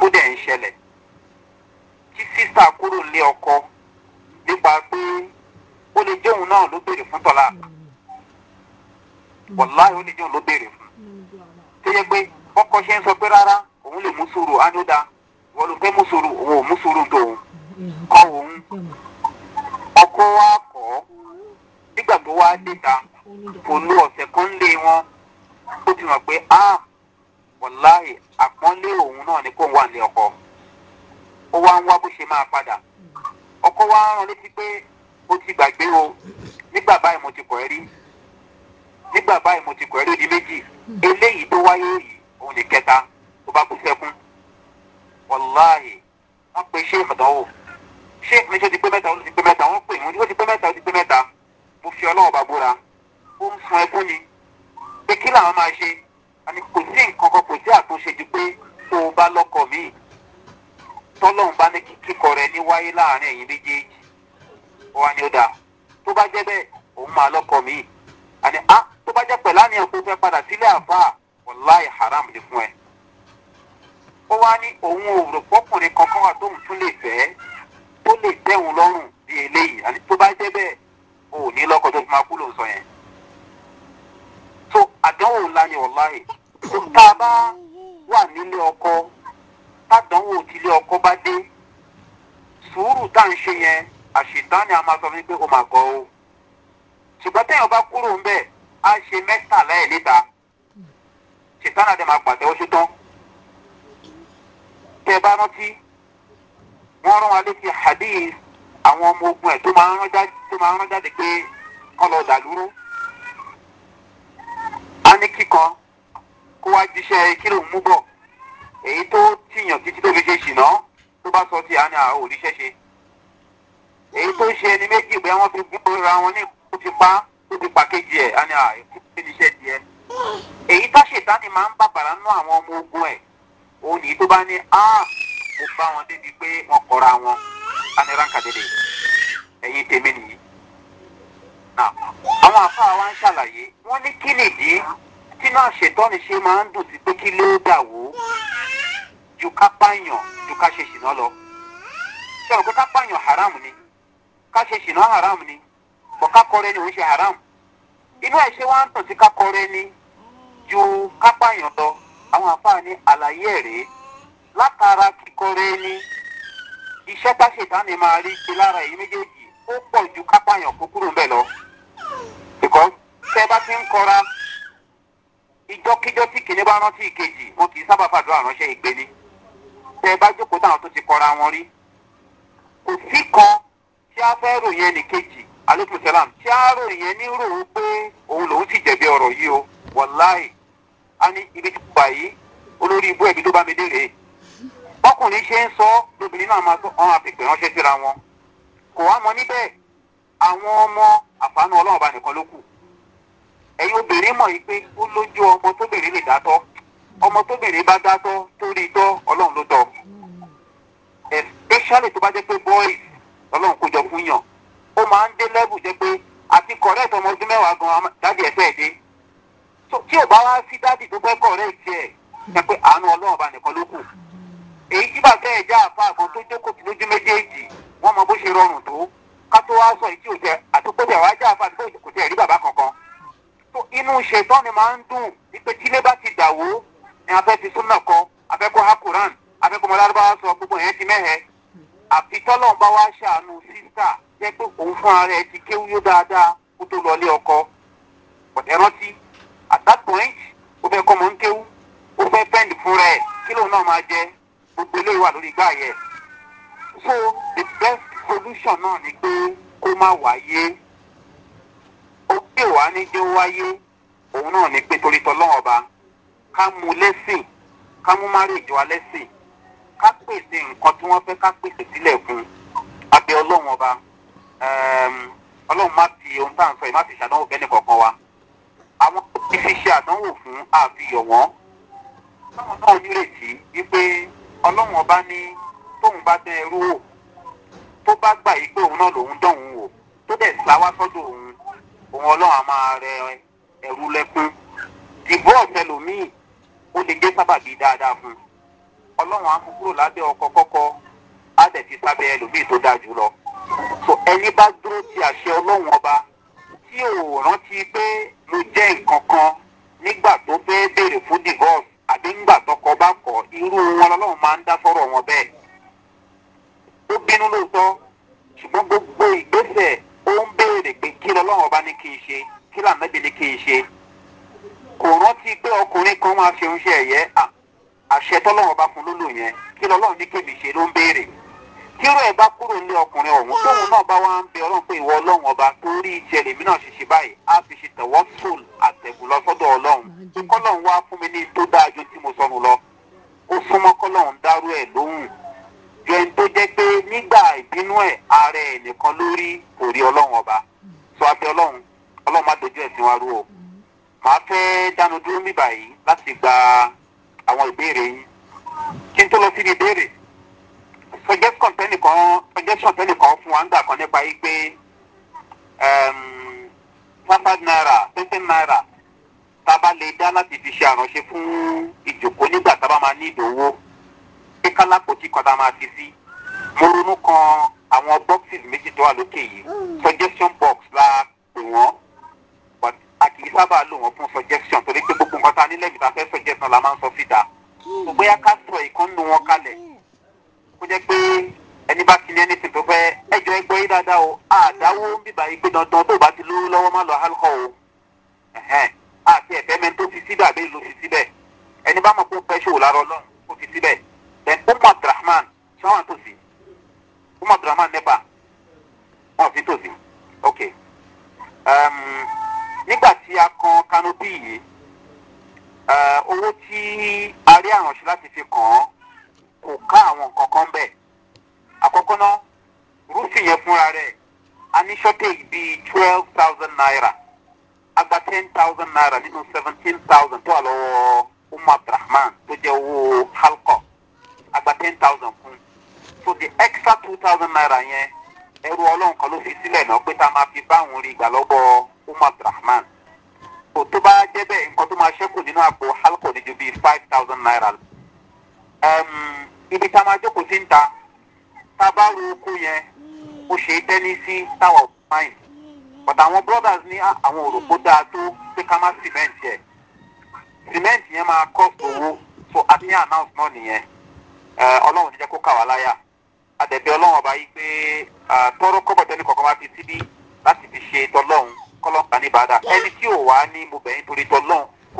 Speaker 1: ó dẹ̀ ń ṣẹlẹ̀ kí ọkọ nípa pé ó lè jẹ́ náà ló béèrè fún tọ́lá ó lè ló béèrè fún pé ọkọ ṣe ń sọ pé rárá òun lè mú sòrò wọ́n ló fẹ́ mú ọkọ wa nígbà tó wá déta kò lo ọ̀sẹ̀ kan lé wọn ó ti mọ̀ pé ah wàláhì àpọ́nlé òun náà ni kò wà ní ọkọ ó wá ń wá bó ṣe máa padà ọkọ wa rán létí pé ó ti gbàgbé o nígbà báyìí mo ti kọ̀ ẹ́ rí nígbà báyìí mo ti kọ̀ ẹ́ rí ó di méjì eléyìí tó wáyé yìí òun ní kẹta tó bá kú sẹ́kún wàláhì wọ́n pe ṣé ìfọ̀dánwò ṣé ìfọ̀dánwò ti pé mẹ́ta ó ti pé mẹ́ta wọ́n pè wọ́n ti pé mẹ́ta ó ti pé mẹ́ta. mo fi ọlọ́ọ̀bà búra ó ń sun ẹkún ni pé kí làwọn máa ṣe àní kò sí nǹkan kan kò sí àtúnṣe pé o bá lọ́kọ̀ mí. tọ́lọ́hún bá ní kíkọ rẹ ní wáyé láàrin ẹ̀yìn méjèèjì wá ní ó tó bá jẹ́ bẹ́ẹ̀ òun máa lọ́kọ̀ mí. àní á ah, tó bá jẹ́ pẹ̀lá ni ẹ̀kọ́ fẹ́ padà sílé àfáà wàláì haram ni fún ẹ. ó wá ní òun ò rò pọ́kùnrin kankan wà tóun tún lè fẹ́ tó lè lọ́rùn bí eléyìí àní o ò ní lọ́kọ̀ tó fi máa kú ló ń sọ yẹn. so àdánwò ńlá ni wàláyé tá a bá wà nílé ọkọ tádánwò tílé ọkọ bá dé sùúrù tá à ń ṣe yẹn àṣetán ni a máa sọ fún mi pé o oh mà gọ o ṣùgbọ́n téèyàn bá kúrò ń bẹ̀ á ṣe mẹ́tàlá ẹ̀ níta ṣetán àdé máa pàtẹ́ ó ṣe tán tẹ́ bá rántí wọ́n rán wa létí hadith. àwọn ọmọ ogun ẹ̀ tó máa ń rán jáde pé kán lọ dàlúrú A ní kíkan kó wá jíṣẹ́ kí ń mú bọ̀ èyí tó tìyàn títí tó fi ṣe ṣìnà tó bá sọ ti àánú àwọn òríṣẹ́ ṣe èyí tó ṣe ẹni méjì pé wọ́n fi gún ra wọn ní kó ti pa tó ti pa kejì ẹ̀ àánú àìkú níṣẹ́ díẹ̀ èyí tó ṣètánì máa ń bàbàrà nú àwọn ọmọ ogun ẹ̀ òun nìyí tó bá ní á kò bá wọn débi pé wọ́n kọra wọn. aneran kadede ẹyin tèmi nìyí. àwọn àfáà wa ń ṣàlàyé wọ́n ní kí nìdí tí náà ṣètọ́ni ṣe máa ń dùn sí pé kí ló dà wó ju ká pààyàn ju ká ṣe ṣìnà lọ. ṣé o kò ká pààyàn haram ni ká ṣe ṣìnà haram ni bọ̀ ká kọrẹ́ ni òun ṣe haram. inú ẹ̀ ṣe wá ń dùn sí ká kọrẹ́ ni ju ká pààyàn lọ àwọn àfáà ní àlàyé rèé látara ni. iṣẹ́ táṣetán ni máa rí ṣe lára èyí méjèèjì ó pọ̀ ju kápáyàn kó kúrò bẹ́ẹ̀ lọ. ìkọ́ tẹ́ bá ti ń kọra ìjọkíjọ́ tí kìnìún bá rántí ìkejì wọn kì í sábà fàdúrà ránṣẹ́ ìgbé ni. tẹ́ bá jókòó táwọn tó ti kọra wọn rí. kò sí kan tí a fẹ́ ròyìn ẹnì kejì aleykum salam tí a ròyìn ẹni rò ó pé òun lòún sì jẹ̀bi ọ̀rọ̀ yìí o wàláì a ní ibi tí mo gbà yìí olórí ibú ẹ̀bí tó bá mi dé ọkùnrin ṣe ń sọ lóbìnrin náà máa tó ọmọ àpèpè ránṣẹ́ síra wọn kò wá mọ níbẹ̀ àwọn ọmọ àfààní ọlọ́run bá nìkan ló kù ẹ̀yin obìnrin mọ̀ yìí pé lójú ọmọ tóbìnrin lè dátọ́ ọmọ tóbìnrin bá dátọ́ tó rí tọ́ ọlọ́run especially tó bá jẹ́ pé boys ọlọ́run jọ fún yàn ó máa ń dé jẹ́ pé àti correct ọmọ ọdún mẹ́wàá gan ẹ̀fẹ́ tí ò bá wá sí tó fẹ́ èyí tí bàtà já àfa àgbọn tó jókòó tó lójú méjèèjì wọ́n mọ bó ṣe rọrùn tó ká tó wá sọ èyí tí ò jẹ àtúkọ́jẹ́ àwọn ajá àfa àdúgbò kò tẹ̀ rí bàbá kankan. tó inú ṣètọ́ ni máa ń dùn wípé tílé bá ti dàwó ni a fẹ́ ti súnà kọ a fẹ́ kó ha a fẹ́ kó mọ lárúbáwá sọ gbogbo yẹn ti mẹ́hẹ̀. àfi tọ́lọ̀ ń bá wá ṣàánú sísà jẹ́ pé òun fún ara ẹ ti kéwúyó dáadáa kó tó lọ ilé ọkọ at that point ó fẹ́ kọ́ mọ́ ń kéwú ó fẹ́ pẹ́ǹdì fúnra ẹ̀ kí lóun náà ilé wà lórí igbá yẹ so the best solution náà ni pé kó má wáyé ó gbé wá ní jẹ́ wáyé òun náà ni pé torí tọ́lọ́wọ́n ọba ká mú lẹ́sìn ká mú má rí ìjọ alẹ́ sìn ká pèsè nǹkan tí wọ́n fẹ́ ká pèsè sílẹ̀ fún abẹ́ ọlọ́wọ́n ọba ọlọ́run má fi ohun tá à ń sọ yìí má fi ṣàdánwò bẹ́ẹ̀ nìkọ̀ọ̀kan wa àwọn òbí fi ṣe àdánwò fún àfihàn wọn báwọn náà nírètí wípé ọlọ́run ọba ní tóun bá dán ẹrú wò tó bá gbà yí pé òun náà lòun dọ̀hún wò tó dẹ̀ sáwá sọ́dọ̀ òun òun ọlọ́run á máa rẹ ẹrú lẹ́kún dìbò ọ̀tẹlòmíì ó lè gbé sábàbí dáadáa fún un ọlọ́run á mú kúrò lábẹ́ ọkọ̀ kọ́kọ́ á dẹ̀ fi sábẹ́ ẹlòmíì tó dáa jù lọ so ẹni bá dúró ti àṣẹ ọlọ́run ọba tí ò rántí pé mo jẹ́ nǹkan kan nígbà tó fẹ́ béèrè fún divorce àbí ńgbà tọkọ bá kọ irú wọn lọ́wọ́ máa ń dá sọ́rọ̀ wọn bẹ́ẹ̀. ó bínú lóòótọ́ ṣùgbọ́n gbogbo ìgbésẹ̀ ó ń béèrè pé kí lọ́wọ́ bá ní kí n ṣe kí làmẹ́bí ní kí n ṣe. kò rántí pé ọkùnrin kan máa ṣe oúnjẹ àṣẹ tọ́lọ́wọ́ bá fún lólò yẹn kí lọ́wọ́ ní kébì ṣe ló ń béèrè tíró ẹ̀ bá kúrò ní ọkùnrin ọ̀hún ah. tóun náà bá wá ń bẹ ọlọ́run pé ìwọ ọlọ́run ọba torí ìjẹ lèmi náà ṣiṣẹ́ báyìí á fi ṣe tẹ̀wọ́ sùn àtẹ̀gùn lọ sọ́dọ̀ ọlọ́run pé ah, kọ́lọ́run wá fún mi ní tó dáa ju tí mo sọnù lọ ó súnmọ́ kọ́lọ́run dárú ẹ̀ lóhùn ju ẹni tó jẹ́ pé nígbà ìbínú ẹ̀ ààrẹ ẹ̀ nìkan lórí kò rí ọlọ́run ọba sọ abẹ́ ọlọ́run ọlọ́run má dojú ẹ̀sìn wa rú o màá fẹ́ dánu níbàyí láti gba àwọn ìbéèrè yín kí n tó lọ síbi ìbéèrè projection tẹnìkan projection tẹnìkan fún wa ń gbà kan nípa yìí pé five um, naira twenty naira tá a bá lè dá láti fi ṣe àránṣe fún ìjòkó nígbà tá a bá máa ní ìdòwò pé kálápòtì kan tá a máa fi sí mo ronú kan àwọn boxes méjì tó wà lókè yìí mm. suggestion box la pè wọ́n but a kì í sábà lò wọ́n fún suggestion torí pé gbogbo nǹkan tá a nílẹ̀ ìgbà fẹ́ suggestion la máa ń sọ fìdá gbogbo yà ká sọ ìkànnì wọn kalẹ̀ kó jẹ́ pé ẹni bá ti ẹni tìǹtò fẹ́ ẹjọ́ ẹgbẹ́ yín dáadáa o àdáwó ń bìbà yìí pé dandan tó bá ti lówó lọ́wọ́ má lọ alkọ o àti ẹ̀fẹ́ mi tó fi síbẹ̀ àbí ìlú fi síbẹ̀ ẹni bá mọ̀ pé fẹ́ ṣòwò lárọ́ lọ́run ó fi síbẹ̀ then umar drahman ṣáwọn tó sí umar drahman nípa wọn fi tó sí ok nígbà tí a kan kanopi yìí owó tí a rí àrànṣe láti fi kàn án kò ká àwọn nǹkan kan bẹ̀ àkọ́kọ́ náà rúfì yẹn fúnra rẹ̀ a ní shortage bíi twelve thousand naira agba ten thousand naira nínú seventeen thousand tó wà lọ́wọ́ umar abdulrahman tó jẹ́ owó halkọ agba ten thousand kún so the extra two thousand naira yẹn ẹrú ọlọ́run kan ló fi sílẹ̀ náà pé tá a máa fi báwọn rí ìgbà lọ́wọ́ umar abdulrahman kò tó bá jẹ́ bẹ́ẹ̀ nǹkan tó máa ṣẹ́kù nínú àpò halkọ ní bíi five thousand naira lọ. ibi tá a máa jókòó ta tá a bá ro oko yẹn ó ṣe é tower of mine but àwọn brothers ní ah, àwọn òròpó dáa tó pé ká má cement yẹ cement yẹn máa cost owó so àti ní announce náà nìyẹn ọlọ́run jẹ́ kó kà wá láyà ọba yìí pé tọrọ kọ́bọ̀ tẹ́lẹ̀ kọ̀ọ̀kan bá fi síbí láti fi ṣe kọ́lọ́ǹkà ẹni tí ò wá ní mo bẹ̀yìn torí kó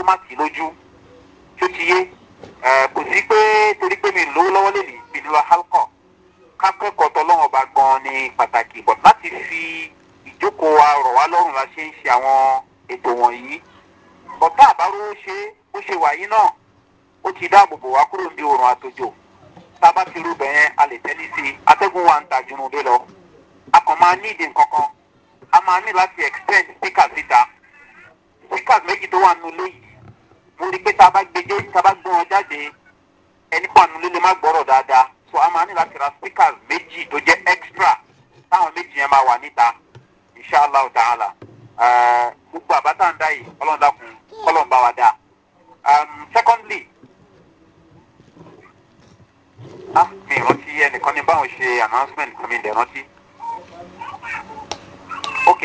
Speaker 1: má kò sí pé torí pé mi lówó lọ́wọ́ lè mi ní wa halkọ̀ kákẹ́kọ̀ọ́ tọ́lọ́wọ́n bá gan ni pàtàkì but láti fi ìjókòó wa rọ̀ wá lọ́rùn la ṣe ń ṣe àwọn ètò wọ̀nyí ọ̀tá àbárò ṣe ó ṣe wàyí náà ó ti dáàbò bò wá kúrò ní òrùn àtòjò tá a bá ti rú bẹ̀yẹn a lè tẹ́lí sí i atẹ́gùn wa ń ta jùnú dé lọ a kàn máa ní ìdè nǹkan kan a máa ní láti extend speakers síta speakers méjì tó wà nínú lóyìí torí pé tá a bá gbé tá a bá jáde ẹni nínú ló lè má gbọ́rọ̀ dáadáa so a máa ní láti ra speakers méjì tó jẹ́ extra táwọn méjì yẹn máa wà níta inshallah ta'ala eh, gbogbo àbáta ń dá yìí ọlọ́run dákun ọlọ́run bá wa dá um, secondly a ah, mi rántí ẹnìkan ní báwọn ṣe announcement mi dẹ̀ rántí ok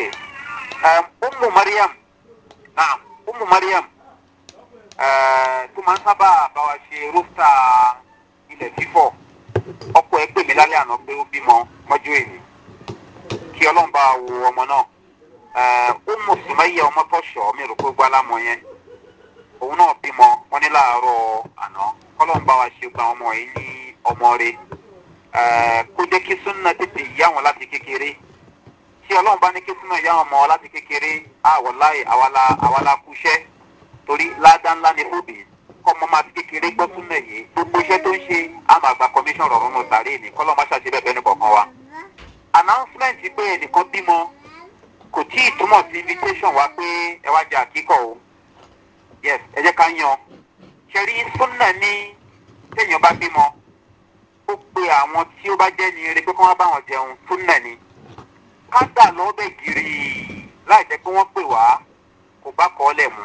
Speaker 1: umu um, mariam naam umu mariam. Eh, tó máa ń sábà bá wa ṣe rófà ilẹ̀ fífọ̀ ọkọ ẹ pè mí lálẹ́ àná pé ó bímọ mọ́jú èmi kí ọlọ́run bá wo ọmọ náà ó mọ̀ sí mẹ́yẹ ọmọ tọ̀ṣọ́ mi rò pé ó gbá lámọ yẹn òun náà bímọ wọn ní láàárọ̀ àná kọ́lọ́run bá wa ṣe gba ọmọ yìí ní ọmọ rẹ eh, kó jẹ́ kí súnà tètè yá wọn láti kékeré tí ọlọ́run bá ní kí súnà yá wọn mọ́ láti kékeré àwọ̀láì àwàlá àwàlá kúṣẹ́ torí ládá ńlá ni fóbi kọ́mọ máa fi kékeré gbọ́ túnbẹ̀ yìí gbogbo iṣẹ́ tó ń ṣe àmọ́ commission rọ̀rùn nù sàárè ní kọ́lọ́ máa ṣàṣe bẹ́ẹ̀ bẹ́ẹ̀ nìkọ̀ọ̀kan wa. announcement pé ẹnìkan bímọ kò tí ì túmọ̀ sí invitation wa pé ẹ wá jẹ àkíkọ̀ o yes ẹ jẹ́ ká yan ṣẹ̀rí súnà ní téèyàn bá bímọ ó pe àwọn tí ó bá jẹ́ ní eré pé kí wọ́n bá wọn jẹun súnà ni ká dà lọ́bẹ̀ gírí láì jẹ́ pé wọ́n pè wá kò bá kọ́ ọ́ lẹ̀ mú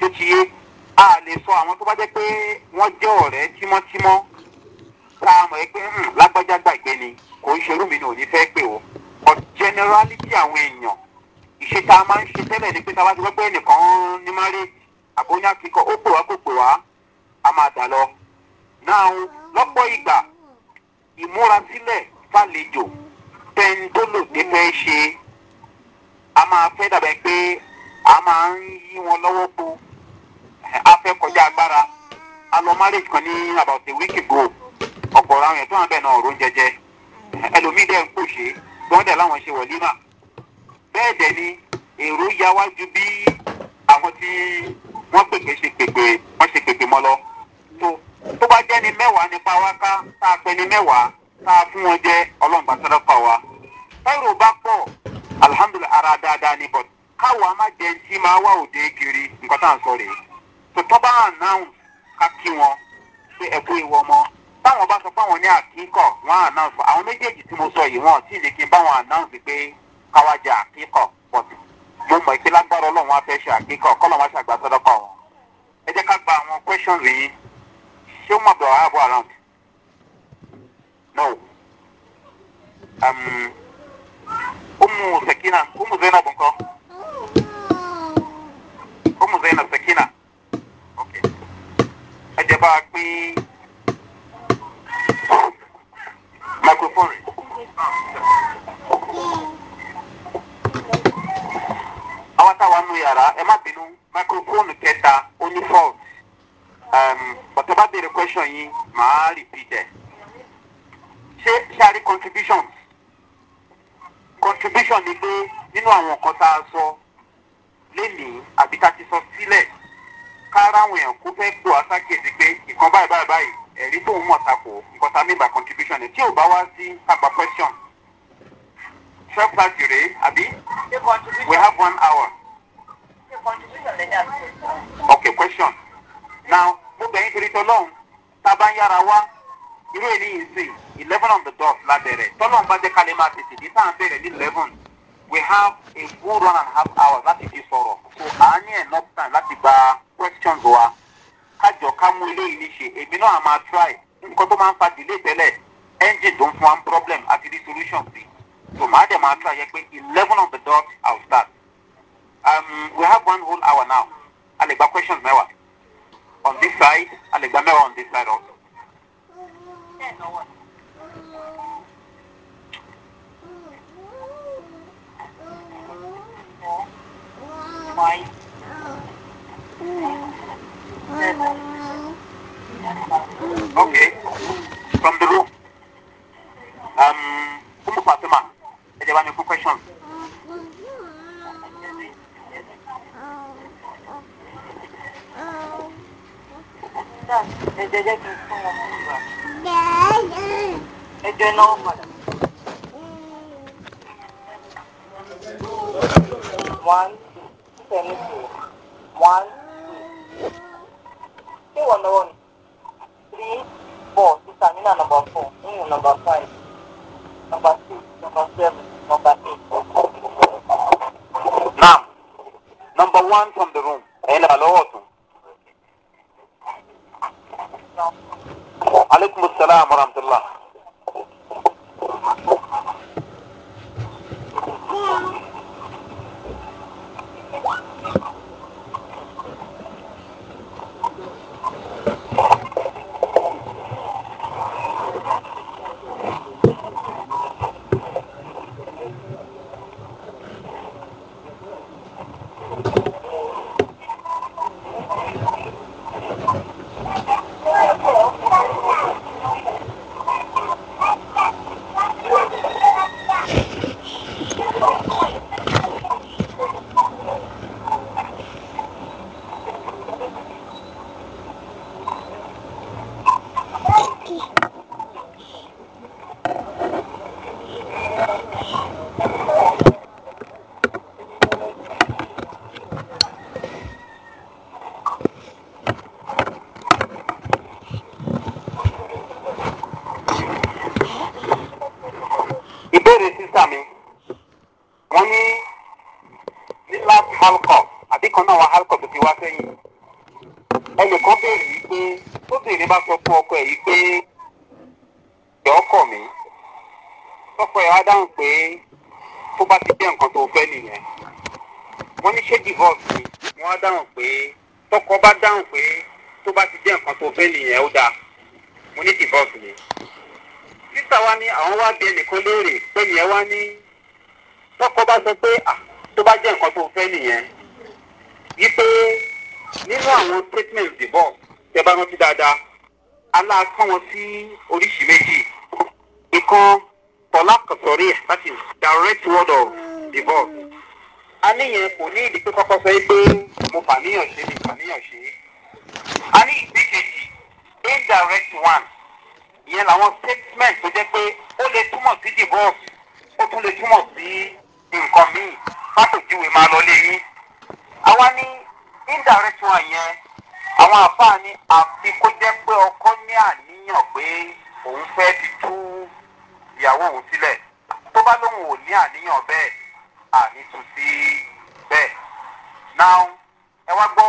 Speaker 1: tó ti yé a lè sọ àwọn tó bá jẹ́ pé wọ́n jẹ́ ọ̀rẹ́ tímọ́tímọ́ tá a mọ̀ ẹ́ pé hmm, lágbájá gbàgbé ni kò ń ṣerú mi ni ò ní fẹ́ pè o but generally bí àwọn èèyàn ìṣe máa ń ṣe tẹ́lẹ̀ ni pé tá ti gbọ́ pé ẹnìkan ní máré àbóyá akíkọ ó pè wá kó pè wá a máa dà lọ náà lọ́pọ̀ ìgbà ìmúrasílẹ̀ fàlejò pẹ́ńtólòdé fẹ́ ṣe a máa fẹ́ dàbẹ́ pé a máa ń yí wọn lọ́wọ́ po afẹ kọjá agbára a kan ní about a week ago ọ̀pọ̀rọ̀ àwọn ẹ̀tọ́ na náà ọ̀rọ̀ jẹjẹ ẹlòmíì dẹ̀ ń pòṣe wọ́n dẹ̀ láwọn ṣe wọ̀lí bẹ́ẹ̀ dẹ̀ ni èrò ya wá ju bí àwọn tí wọ́n pèpè ṣe pèpè wọ́n ṣe pèpè lọ tó tó bá jẹ́ ni mẹ́wàá nípa wa ká tá a pẹ́ ni mẹ́wàá tá a fún wọn jẹ́ wa kiri nǹkan tá tòtọ́ bá announce wọn pé ẹ̀kú ìwọ mọ táwọn bá sọ pé àwọn ní wọn announce àwọn méjèèjì tí mo sọ yìí wọn tí lè kí n bá wọn announce pé káwá jẹ àkíkọ̀ but mo mọ̀ pé lágbára ọlọ́run á fẹ́ ṣe àkíkọ̀ kọ́ wọn. ẹ ká gba àwọn questions yìí ṣé around? no. umu um, sekina umu zainab nǹkan umu zainab sekina. ẹjẹ bá a pín microphone rẹ. àwọn táwa nu yàrá ẹ má bínú microphone kẹta ó ní fault bàtà bá béèrè question yìí màá repeat ẹ ṣé ṣáàrí contribution contribution ni pé nínú àwọn nǹkan tá a sọ lénìí àbí tá a ti sọ sílẹ̀ káráwọn èèyàn kó fẹ́ pò á sákèsí pé ìkan báyìí báyìí báyìí ẹ̀rí tó ń mọ̀ takò nǹkan tá a mẹ́bà contribution ni tí ò bá wá sí kápá question twelve thirty rèé àbí we have one hour. okay question now mo bẹ̀yìn torí tọ́lọ́hún tá a bá ń yára wá irú ènìyàn sìn eleven on the dot lábẹ́rẹ̀ tọ́lọ́hún bá jẹ́ ká lè máa tètè dé tá à ń bẹ̀rẹ̀ ní eleven we have a good one and a half hours láti fi sọ̀rọ̀ so à á ní enough time láti gba questions wa kájọ ká mú ilé yìí ṣe èmi náà a máa try nǹkan tó máa ń fa delay tẹ́lẹ̀ engine tó ń fún wa problem àti the solution sí so màá dẹ̀ máa try yẹ pé eleven of the dot i will start um, we have one whole hour now a lè gba questions mẹ́wàá on this side a lè gba mẹ́wàá on this side also. Yeah, no Okay. From the room. Um, Umu Fatima, do you have any questions? Yes one seventy one two. Three four. This is number four. number five. Number six. Number seven. Number eight. Now, number one from the room. Ena alohotu. عليكم السلام ورحمة الله one. sẹ́yìn ẹnìkan béèrè yìí pé tóbìnrin bá sọ fún ọkọ ẹ̀ yìí pé mi tọkọ ẹ̀ wá dáhùn pé tó bá ti jẹ́ nǹkan tó fẹ́ nìyẹn wọ́n ní divorce ni wọ́n á dáhùn pé tọkọ bá dáhùn pé tó bá ti jẹ́ nǹkan tó fẹ́ nìyẹn ó dáa mo ní divorce ni sísà wa ní àwọn wá bí ẹnìkan léèrè pé ìyẹn wá ní tọkọ bá sọ pé tó bá jẹ́ nǹkan tó fẹ́ nìyẹn nínú àwọn statement the boss tẹ bá rántí dáadáa aláàkán wọn sí oríṣi méjì ìkan tọ́lá kọ̀sọ̀rí ẹ̀ that is direct word of the boss a níyẹn kò ní ìdí pé kọ́kọ́ sọ pé mo fàníyàn ṣe mi fàníyàn ṣe a ní ìdí kejì indirect one ìyẹn làwọn statement tó jẹ́ pé ó lè túmọ̀ sí divorce ó tún lè túmọ̀ sí nǹkan míì fásitì ìwé máa lọ lé yín àwa ní. indirect one yẹn àwọn àfáà pé ọkọ ní àníyàn pé òun fẹ́ ti tú ìyàwó òun sílẹ̀ tó bá lóun ò ní àníyàn bẹ́ẹ̀ àní tún sí bẹ́ẹ̀. now ẹ wá gbọ́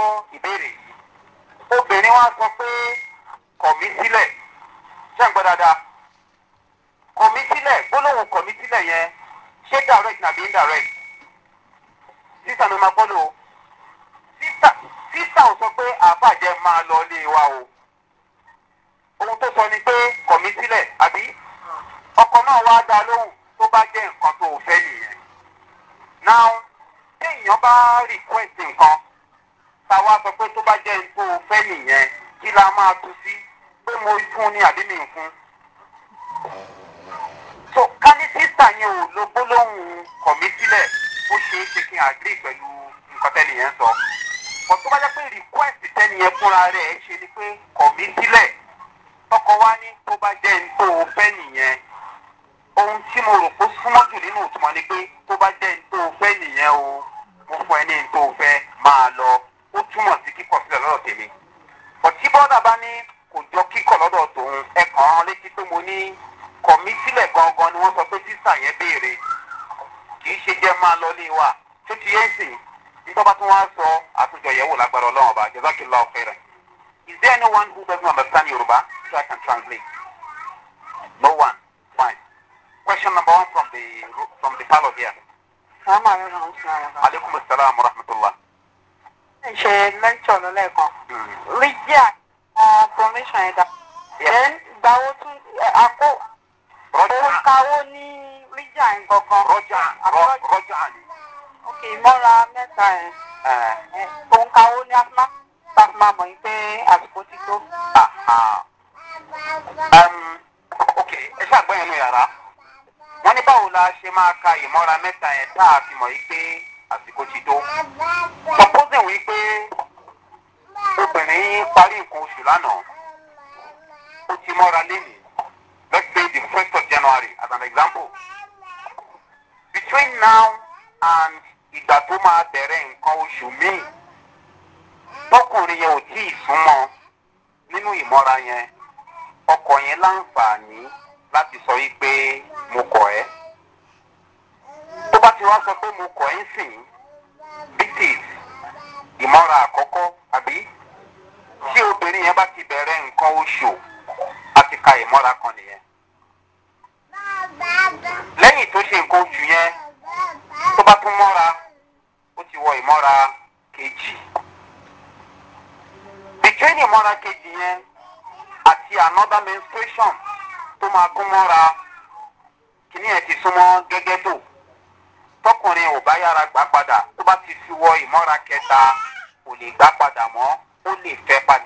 Speaker 1: wa sọ pé kọ̀ mí sílẹ̀ ṣé ń gbọ́ dáadáa kọ̀ mí sílẹ̀ gbólóhùn kọ̀ mí sílẹ̀ yẹn ṣé direct nàbí sísà ò sọ pé àfàjẹ máa lọ ilé wa o ohun tó sọ ni pé kọ̀mí sílẹ̀ àbí ọkọ náà wá dá lóhùn tó bá jẹ́ nǹkan tó fẹ́ nìyẹn náà téèyàn bá request nǹkan táwa sọ pé tó bá jẹ́ nǹkan tó fẹ́ nìyẹn kí la máa tu sí pé mo fún ni àbí mi fún so ká ní sísà yẹn ò lo gbólóhùn kọ̀mí sílẹ̀ ó ṣeé ṣe kí n àgbè pẹ̀lú nǹkan tẹ́nìyẹn sọ. So bọ̀ tó bá jẹ́ pé request tẹ́ni yẹn fúnra rẹ̀ ẹ ṣe ni pé kọ̀ mí sílẹ̀ tọkọ wá ní tó bá jẹ́ ní tó o fẹ́ nìyẹn ohun tí mo rò pé súnmọ́ jù nínú ìtumọ̀ ni pé tó bá jẹ́ ní tó o fẹ́ nìyẹn o mo fún ẹ ní ní tó o fẹ́ máa lọ ó túmọ̀ sí kíkọ̀ sílẹ̀ lọ́dọ̀ tèmi bọ̀ tí bọ́dà bá ní kò jọ kíkọ̀ lọ́dọ̀ tòun ẹ kàn án létí pé mo ní kọ̀ sílẹ̀ gangan ni wọ́n sọ pé sísà yẹn béèrè kì í ṣe jẹ́ máa lọ lé wa tó ti yẹn sìn nítorí tí wọ́n sọ àtúntò ìyẹ̀wò lágbára ọlọ́run ọba jẹ́sàkìlá ọ̀fẹ́rẹ́. Is there anyone who doesn't understand Yoruba so I can translate? No one. Fine. Question number one from the from the parlor here. Aleykum salaam wa rahmatulah. Ṣe lẹ́kítọ̀ lọ lẹ́ẹ̀kan. Hmm. Uh, Ríjì àkọ́míṣàn ẹ̀dá. Then gbàwó tún àkó. Rọ́jà. Orúkọ wo ní ríjà nǹkan kan? Rọ́jà. Rọ́jà ni ok ìmọ́ra mẹ́ta ẹ̀ òun ka ó ní asma láti máa mọ̀ yín pé àsìkò ti tó. ok ẹ ṣàgbọ́n yẹn nù yàrá wọ́n ní báwo la ṣe máa ka ìmọ́ra mẹ́ta ẹ̀ tá a fi mọ̀ yín pé àsìkò ti tó. sọpọ́sì wí pé obìnrin parí nǹkan oṣù lánàá ó ti mọ́ra lénìí let's say the first of january as an example between now and ìgbà tó máa bẹ̀rẹ̀ nǹkan oṣù míì tọkùnrin yẹn ò tí ì súnmọ́ nínú ìmọ́ra yẹn ọkọ̀ yẹn láǹfààní láti sọ yí pé mo kọ̀ ẹ́ tó bá ti wá sọ pé mo kọ̀ ẹ́ sìn bíkìs ìmọ́ra àkọ́kọ́ àbí tí obìnrin yẹn bá ti bẹ̀rẹ̀ nǹkan oṣù àti ka ìmọ́ra kan nìyẹn lẹ́yìn tó ṣe nǹkan oṣù yẹn tó bá tún mú. ta kò lè gbá padà mọ́ ó lè fẹ́ padà.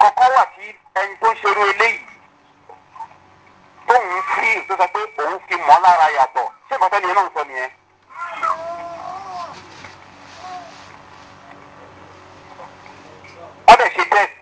Speaker 1: kọ́kọ́ wà tí ẹni tó ń ṣerú eléyìí tóun fi tó sọ pé òun fi mọ́ lára yàtọ̀ ṣé ìmọ̀ tẹ́lẹ̀ náà ń sọ nìyẹn. wọ́n dẹ̀ ṣe test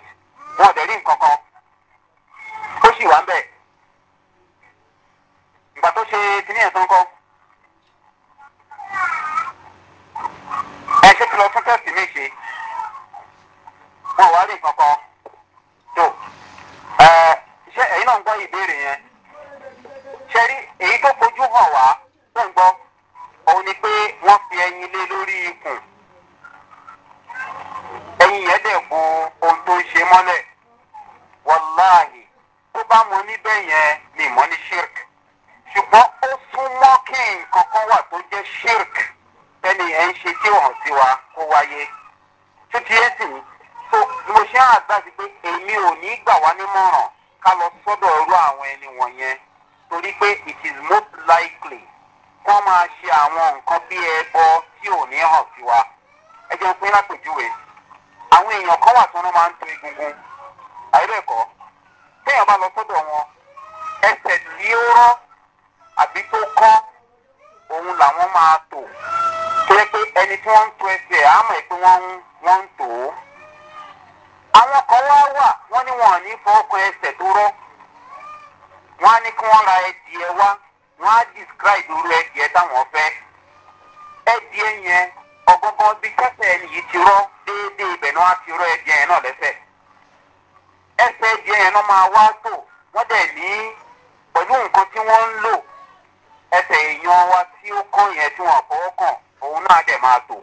Speaker 1: máa wá tò wọ́n dẹ̀ ní pẹ̀lú nǹkan tí wọ́n ń lò ẹsẹ̀ èèyàn wa tí ó kọ́ yẹn tí wọ́n fọwọ́ kàn òun náà dẹ̀ máa tò.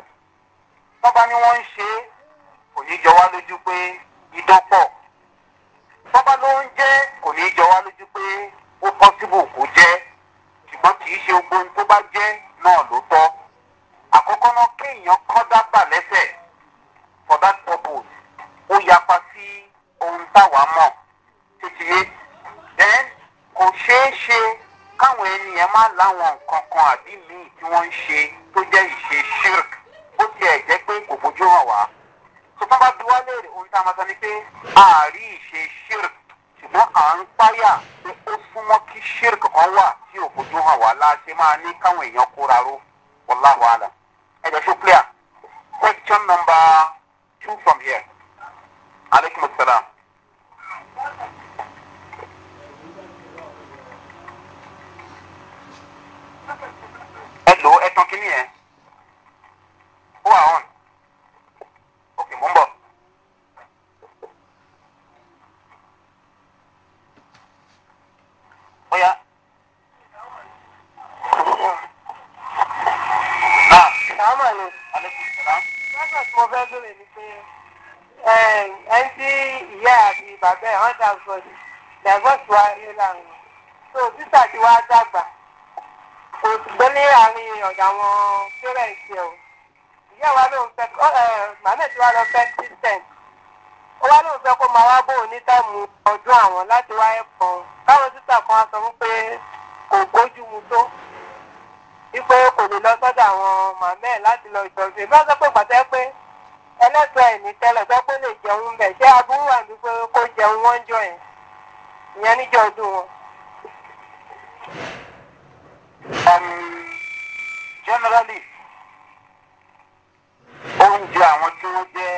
Speaker 1: wọ́n bá ní wọ́n ń ṣe é kò ní jọ wá lójú pé idán pọ̀ kan àbí míì tí wọ́n ń ṣe tó jẹ́ ìṣe shirk bó tiẹ̀ jẹ́ pé kò fojú hàn wá. sọ́kàn bá bí wá léèrè ohun tá a máa sọ ni pé àárí ìṣe shirk ṣùgbọ́n à ń páyà pé ó súnmọ́ kí shirk kan wà tí ò fojú hàn wá láti máa ní káwọn èèyàn kóra ró wàláhùn àlà. ẹ jẹ́ sọ question number two from here. aleykum salaam. ẹ lò ẹ tan kínní yẹn ó wà hàn ok mò ń bọ̀. bóyá. sàmà ni lọ́sọ̀ tí mo fẹ́ bèrè ni pé eh, ẹ ń tí ìyá àti bàbá ẹ̀ wọ́n dàgbọ́ ẹ̀gbọ́n tí wàá rí láàrin tó títà tí wàá dàgbà gbé ní àárín ọ̀gá àwọn parents ẹ̀ o ìyá wa ló ń fẹ́ màmá tí wàá lọ fẹ́ christian ó wá lóun fẹ́ kó máa wá bóun ní táìmù ọdún àwọn láti wá ẹ̀fọn káwọn títà kan sọ wípé kò gbójú mu tó wípé kò lè lọ sọ́dọ̀ àwọn màmá ẹ̀ láti lọ ìjọsìn ìbá sọ pé gbàtẹ́ pé ẹlẹ́sọ̀ ẹ̀ ní tẹ́lẹ̀ fẹ́ pé lè jẹun bẹ̀ ṣé aburú wà ní pé kó jẹun wọ́n jọ ẹ̀ Um, generally, oúnjẹ àwọn tí wọ́n jẹ́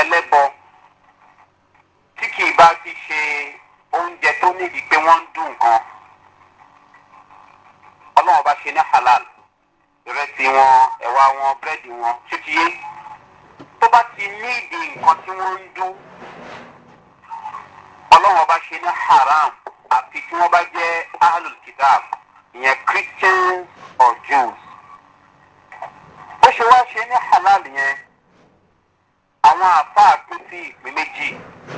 Speaker 1: ẹlẹ́bọ tí kì í bá ti ṣe oúnjẹ tó níbi pé wọ́n ń dùn nǹkan ọlọ́run bá ṣe ní halal ìrẹsì wọn ẹ̀wà wọn búrẹ́dì wọn títíyé tó bá ti ní ìdí nǹkan tí wọ́n ń dún ọlọ́run bá ṣe ní haram àfi tí wọ́n bá jẹ́ ahlul ìyẹn christians or jews. ó ṣe wá ṣe ní halal yẹn àwọn àfáà pín sí ìpín méjì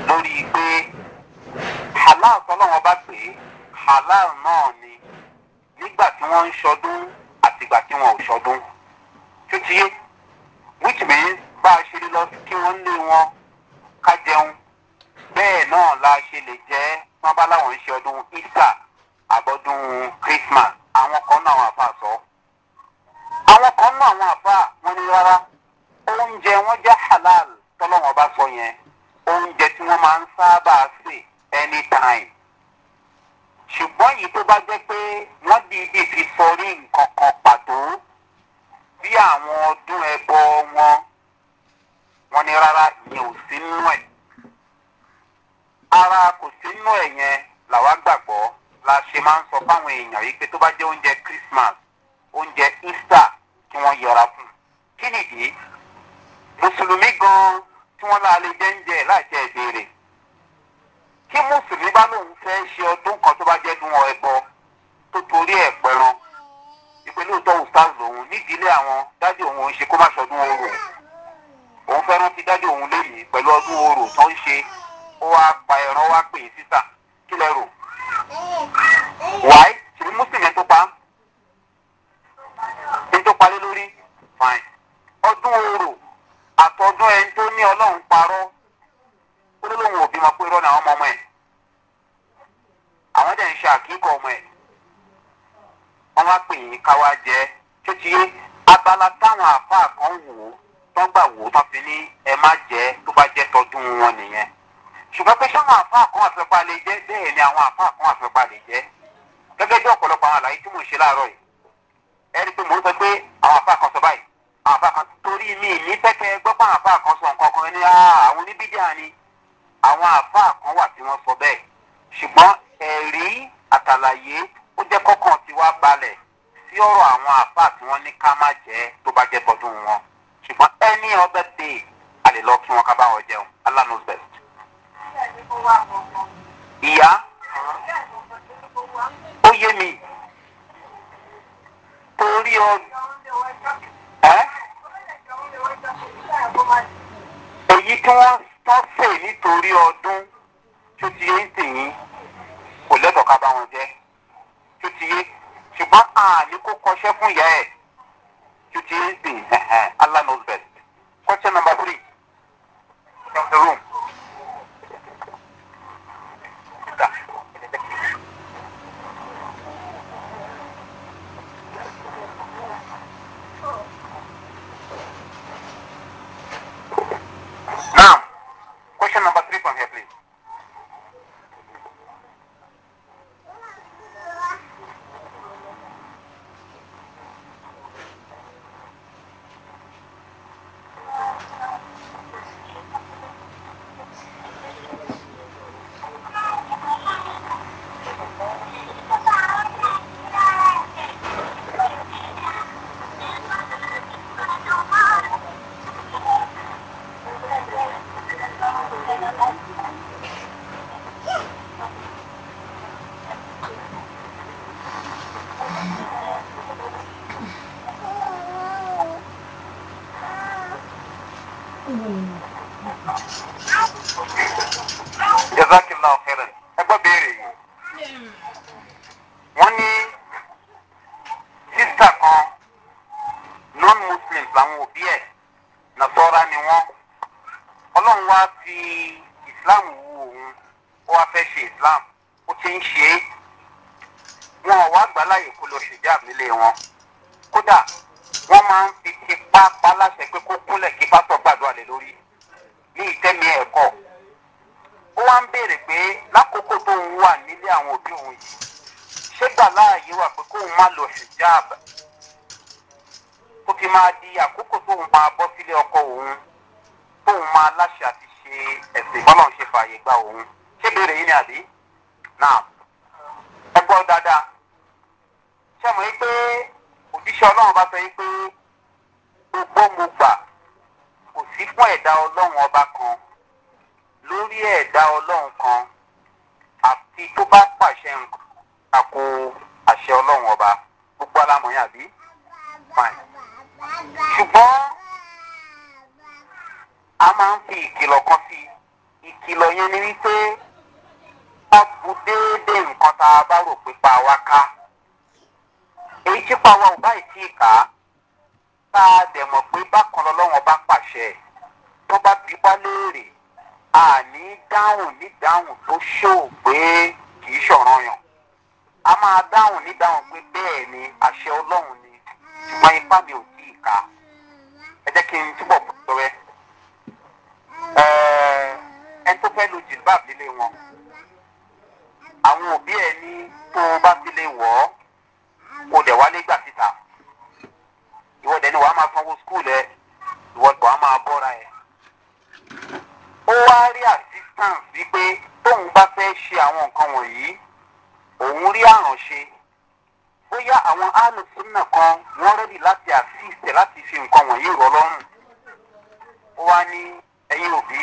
Speaker 1: lórí pé halal tọ́lọ́wọ́n bá pè é halal náà ni nígbà tí wọ́n ń ṣọdún àtìgbà tí wọ́n ò ṣọdún. tútìyé which means bá a ṣe lè lọ kí wọ́n lé wọn ká jẹun bẹ́ẹ̀ náà la ṣe lè jẹ́ wọn bá láwọn ń ṣe ọdún easter àbọ̀dún christmas èèyàn yìí pé tó bá jẹ́ oúnjẹ àbí kó kọṣẹ́ fún ìyá ẹ̀ tó ti ń sìn Allah knows best. òun tóun máa láṣẹ àti ṣe ẹ̀sìn bọ́lọ̀ ń ṣe fààyè gba òun ṣé béèrè yín ni àbí náà ẹ gbọ́ dáadáa ṣé mo yín pé òjíṣẹ́ ọlọ́run bá sọ yín pé gbogbo kò sí fún ẹ̀dá ọlọ́run ọba kan lórí ẹ̀dá ọlọ́run kan àti tó bá pàṣẹ àkó àṣẹ ọlọ́run ọba gbogbo alámọ̀yàn àbí fine ṣùgbọ́n máa ń fi ìkìlọ̀ kan sí ìkìlọ̀ yẹn ni wípé wọ́n bu déédéé nǹkan tá a bá rò pé pa wá ká èyí tí pa wá ò báyìí tí ì ká tá a dẹ̀ mọ̀ pé bákan lọ́wọ́n bá pàṣẹ tó bá bí wá léèrè àní dáhùn nídáhùn tó ṣó pé kì í ṣọ̀ràn yàn a máa dáhùn nídáhùn pé bẹ́ẹ̀ ni àṣẹ ọlọ́run ni ṣùgbọ́n ipá mi ò tí ì ká ẹ jẹ́ kí n túbọ̀ bọ̀ rẹ. Eh, ẹni tó fẹ́ lu jìlbáb nílé wọn àwọn òbí ẹ ní tó o bá fi lè wọ̀ ọ́ kó lẹ̀ wálé gbà síta ìwọ dẹ̀ ni wàá máa sanwó skul ẹ ìwọ dẹ̀ wàá máa bọ́ra ẹ. ó wá rí assistance wípé tóun bá fẹ́ ṣe àwọn nǹkan wọ̀nyí òun rí àrùn ṣe bóyá àwọn alùsùnà kan wọ́n rẹ́dì láti àfíìsẹ̀ láti fi nǹkan wọ̀nyí rọ lọ́rùn. ó wá ní ẹ̀yin òbí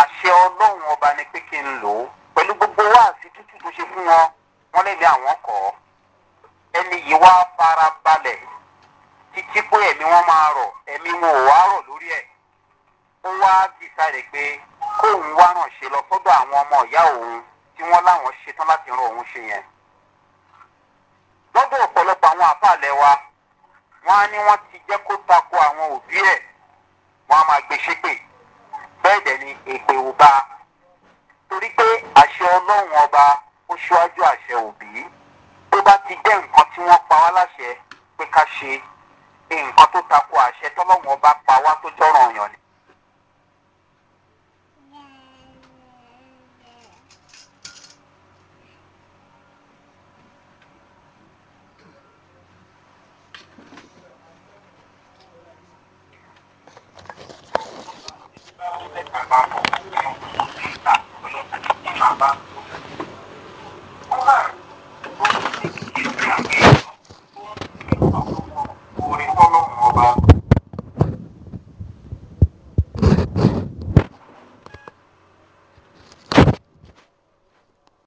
Speaker 1: àṣẹ ọlọ́run ọba ni pé kí n lò ó pẹ̀lú gbogbo wáàsí tútù tó ṣe fún wọn wọn lè lé àwọn kọ́ ẹni yìí wá fara balẹ̀ títí pé ẹ̀mí wọn máa rọ̀ ẹ̀mí wọn ò wá rọ̀ lórí ẹ̀ ó wá dìsáyẹ̀ pé kóun wá ràn ṣe lọ sọ́dọ̀ àwọn ọmọ ìyá òun tí wọ́n láwọn ṣetán láti ran òun ṣe yẹn lọ́dọ̀ ọ̀pọ̀lọpọ̀ àwọn àfàlẹ́ wa wọ́n á ní wọ́n ti jẹ́ kó tako àwọn òbí ẹ̀ wọ́n á máa gbé ṣépè bẹ́ẹ̀ dẹ̀ ni èpè ò bá torí pé àṣẹ ọlọ́run ọba ó ṣíwájú àṣẹ òbí tó bá ti jẹ́ nǹkan tí wọ́n pa wá láṣẹ pé ká ṣe nǹkan tó takò àṣẹ tọ́lọ́run ọba pa wá tó jọ́ràn ọ̀yàn ni.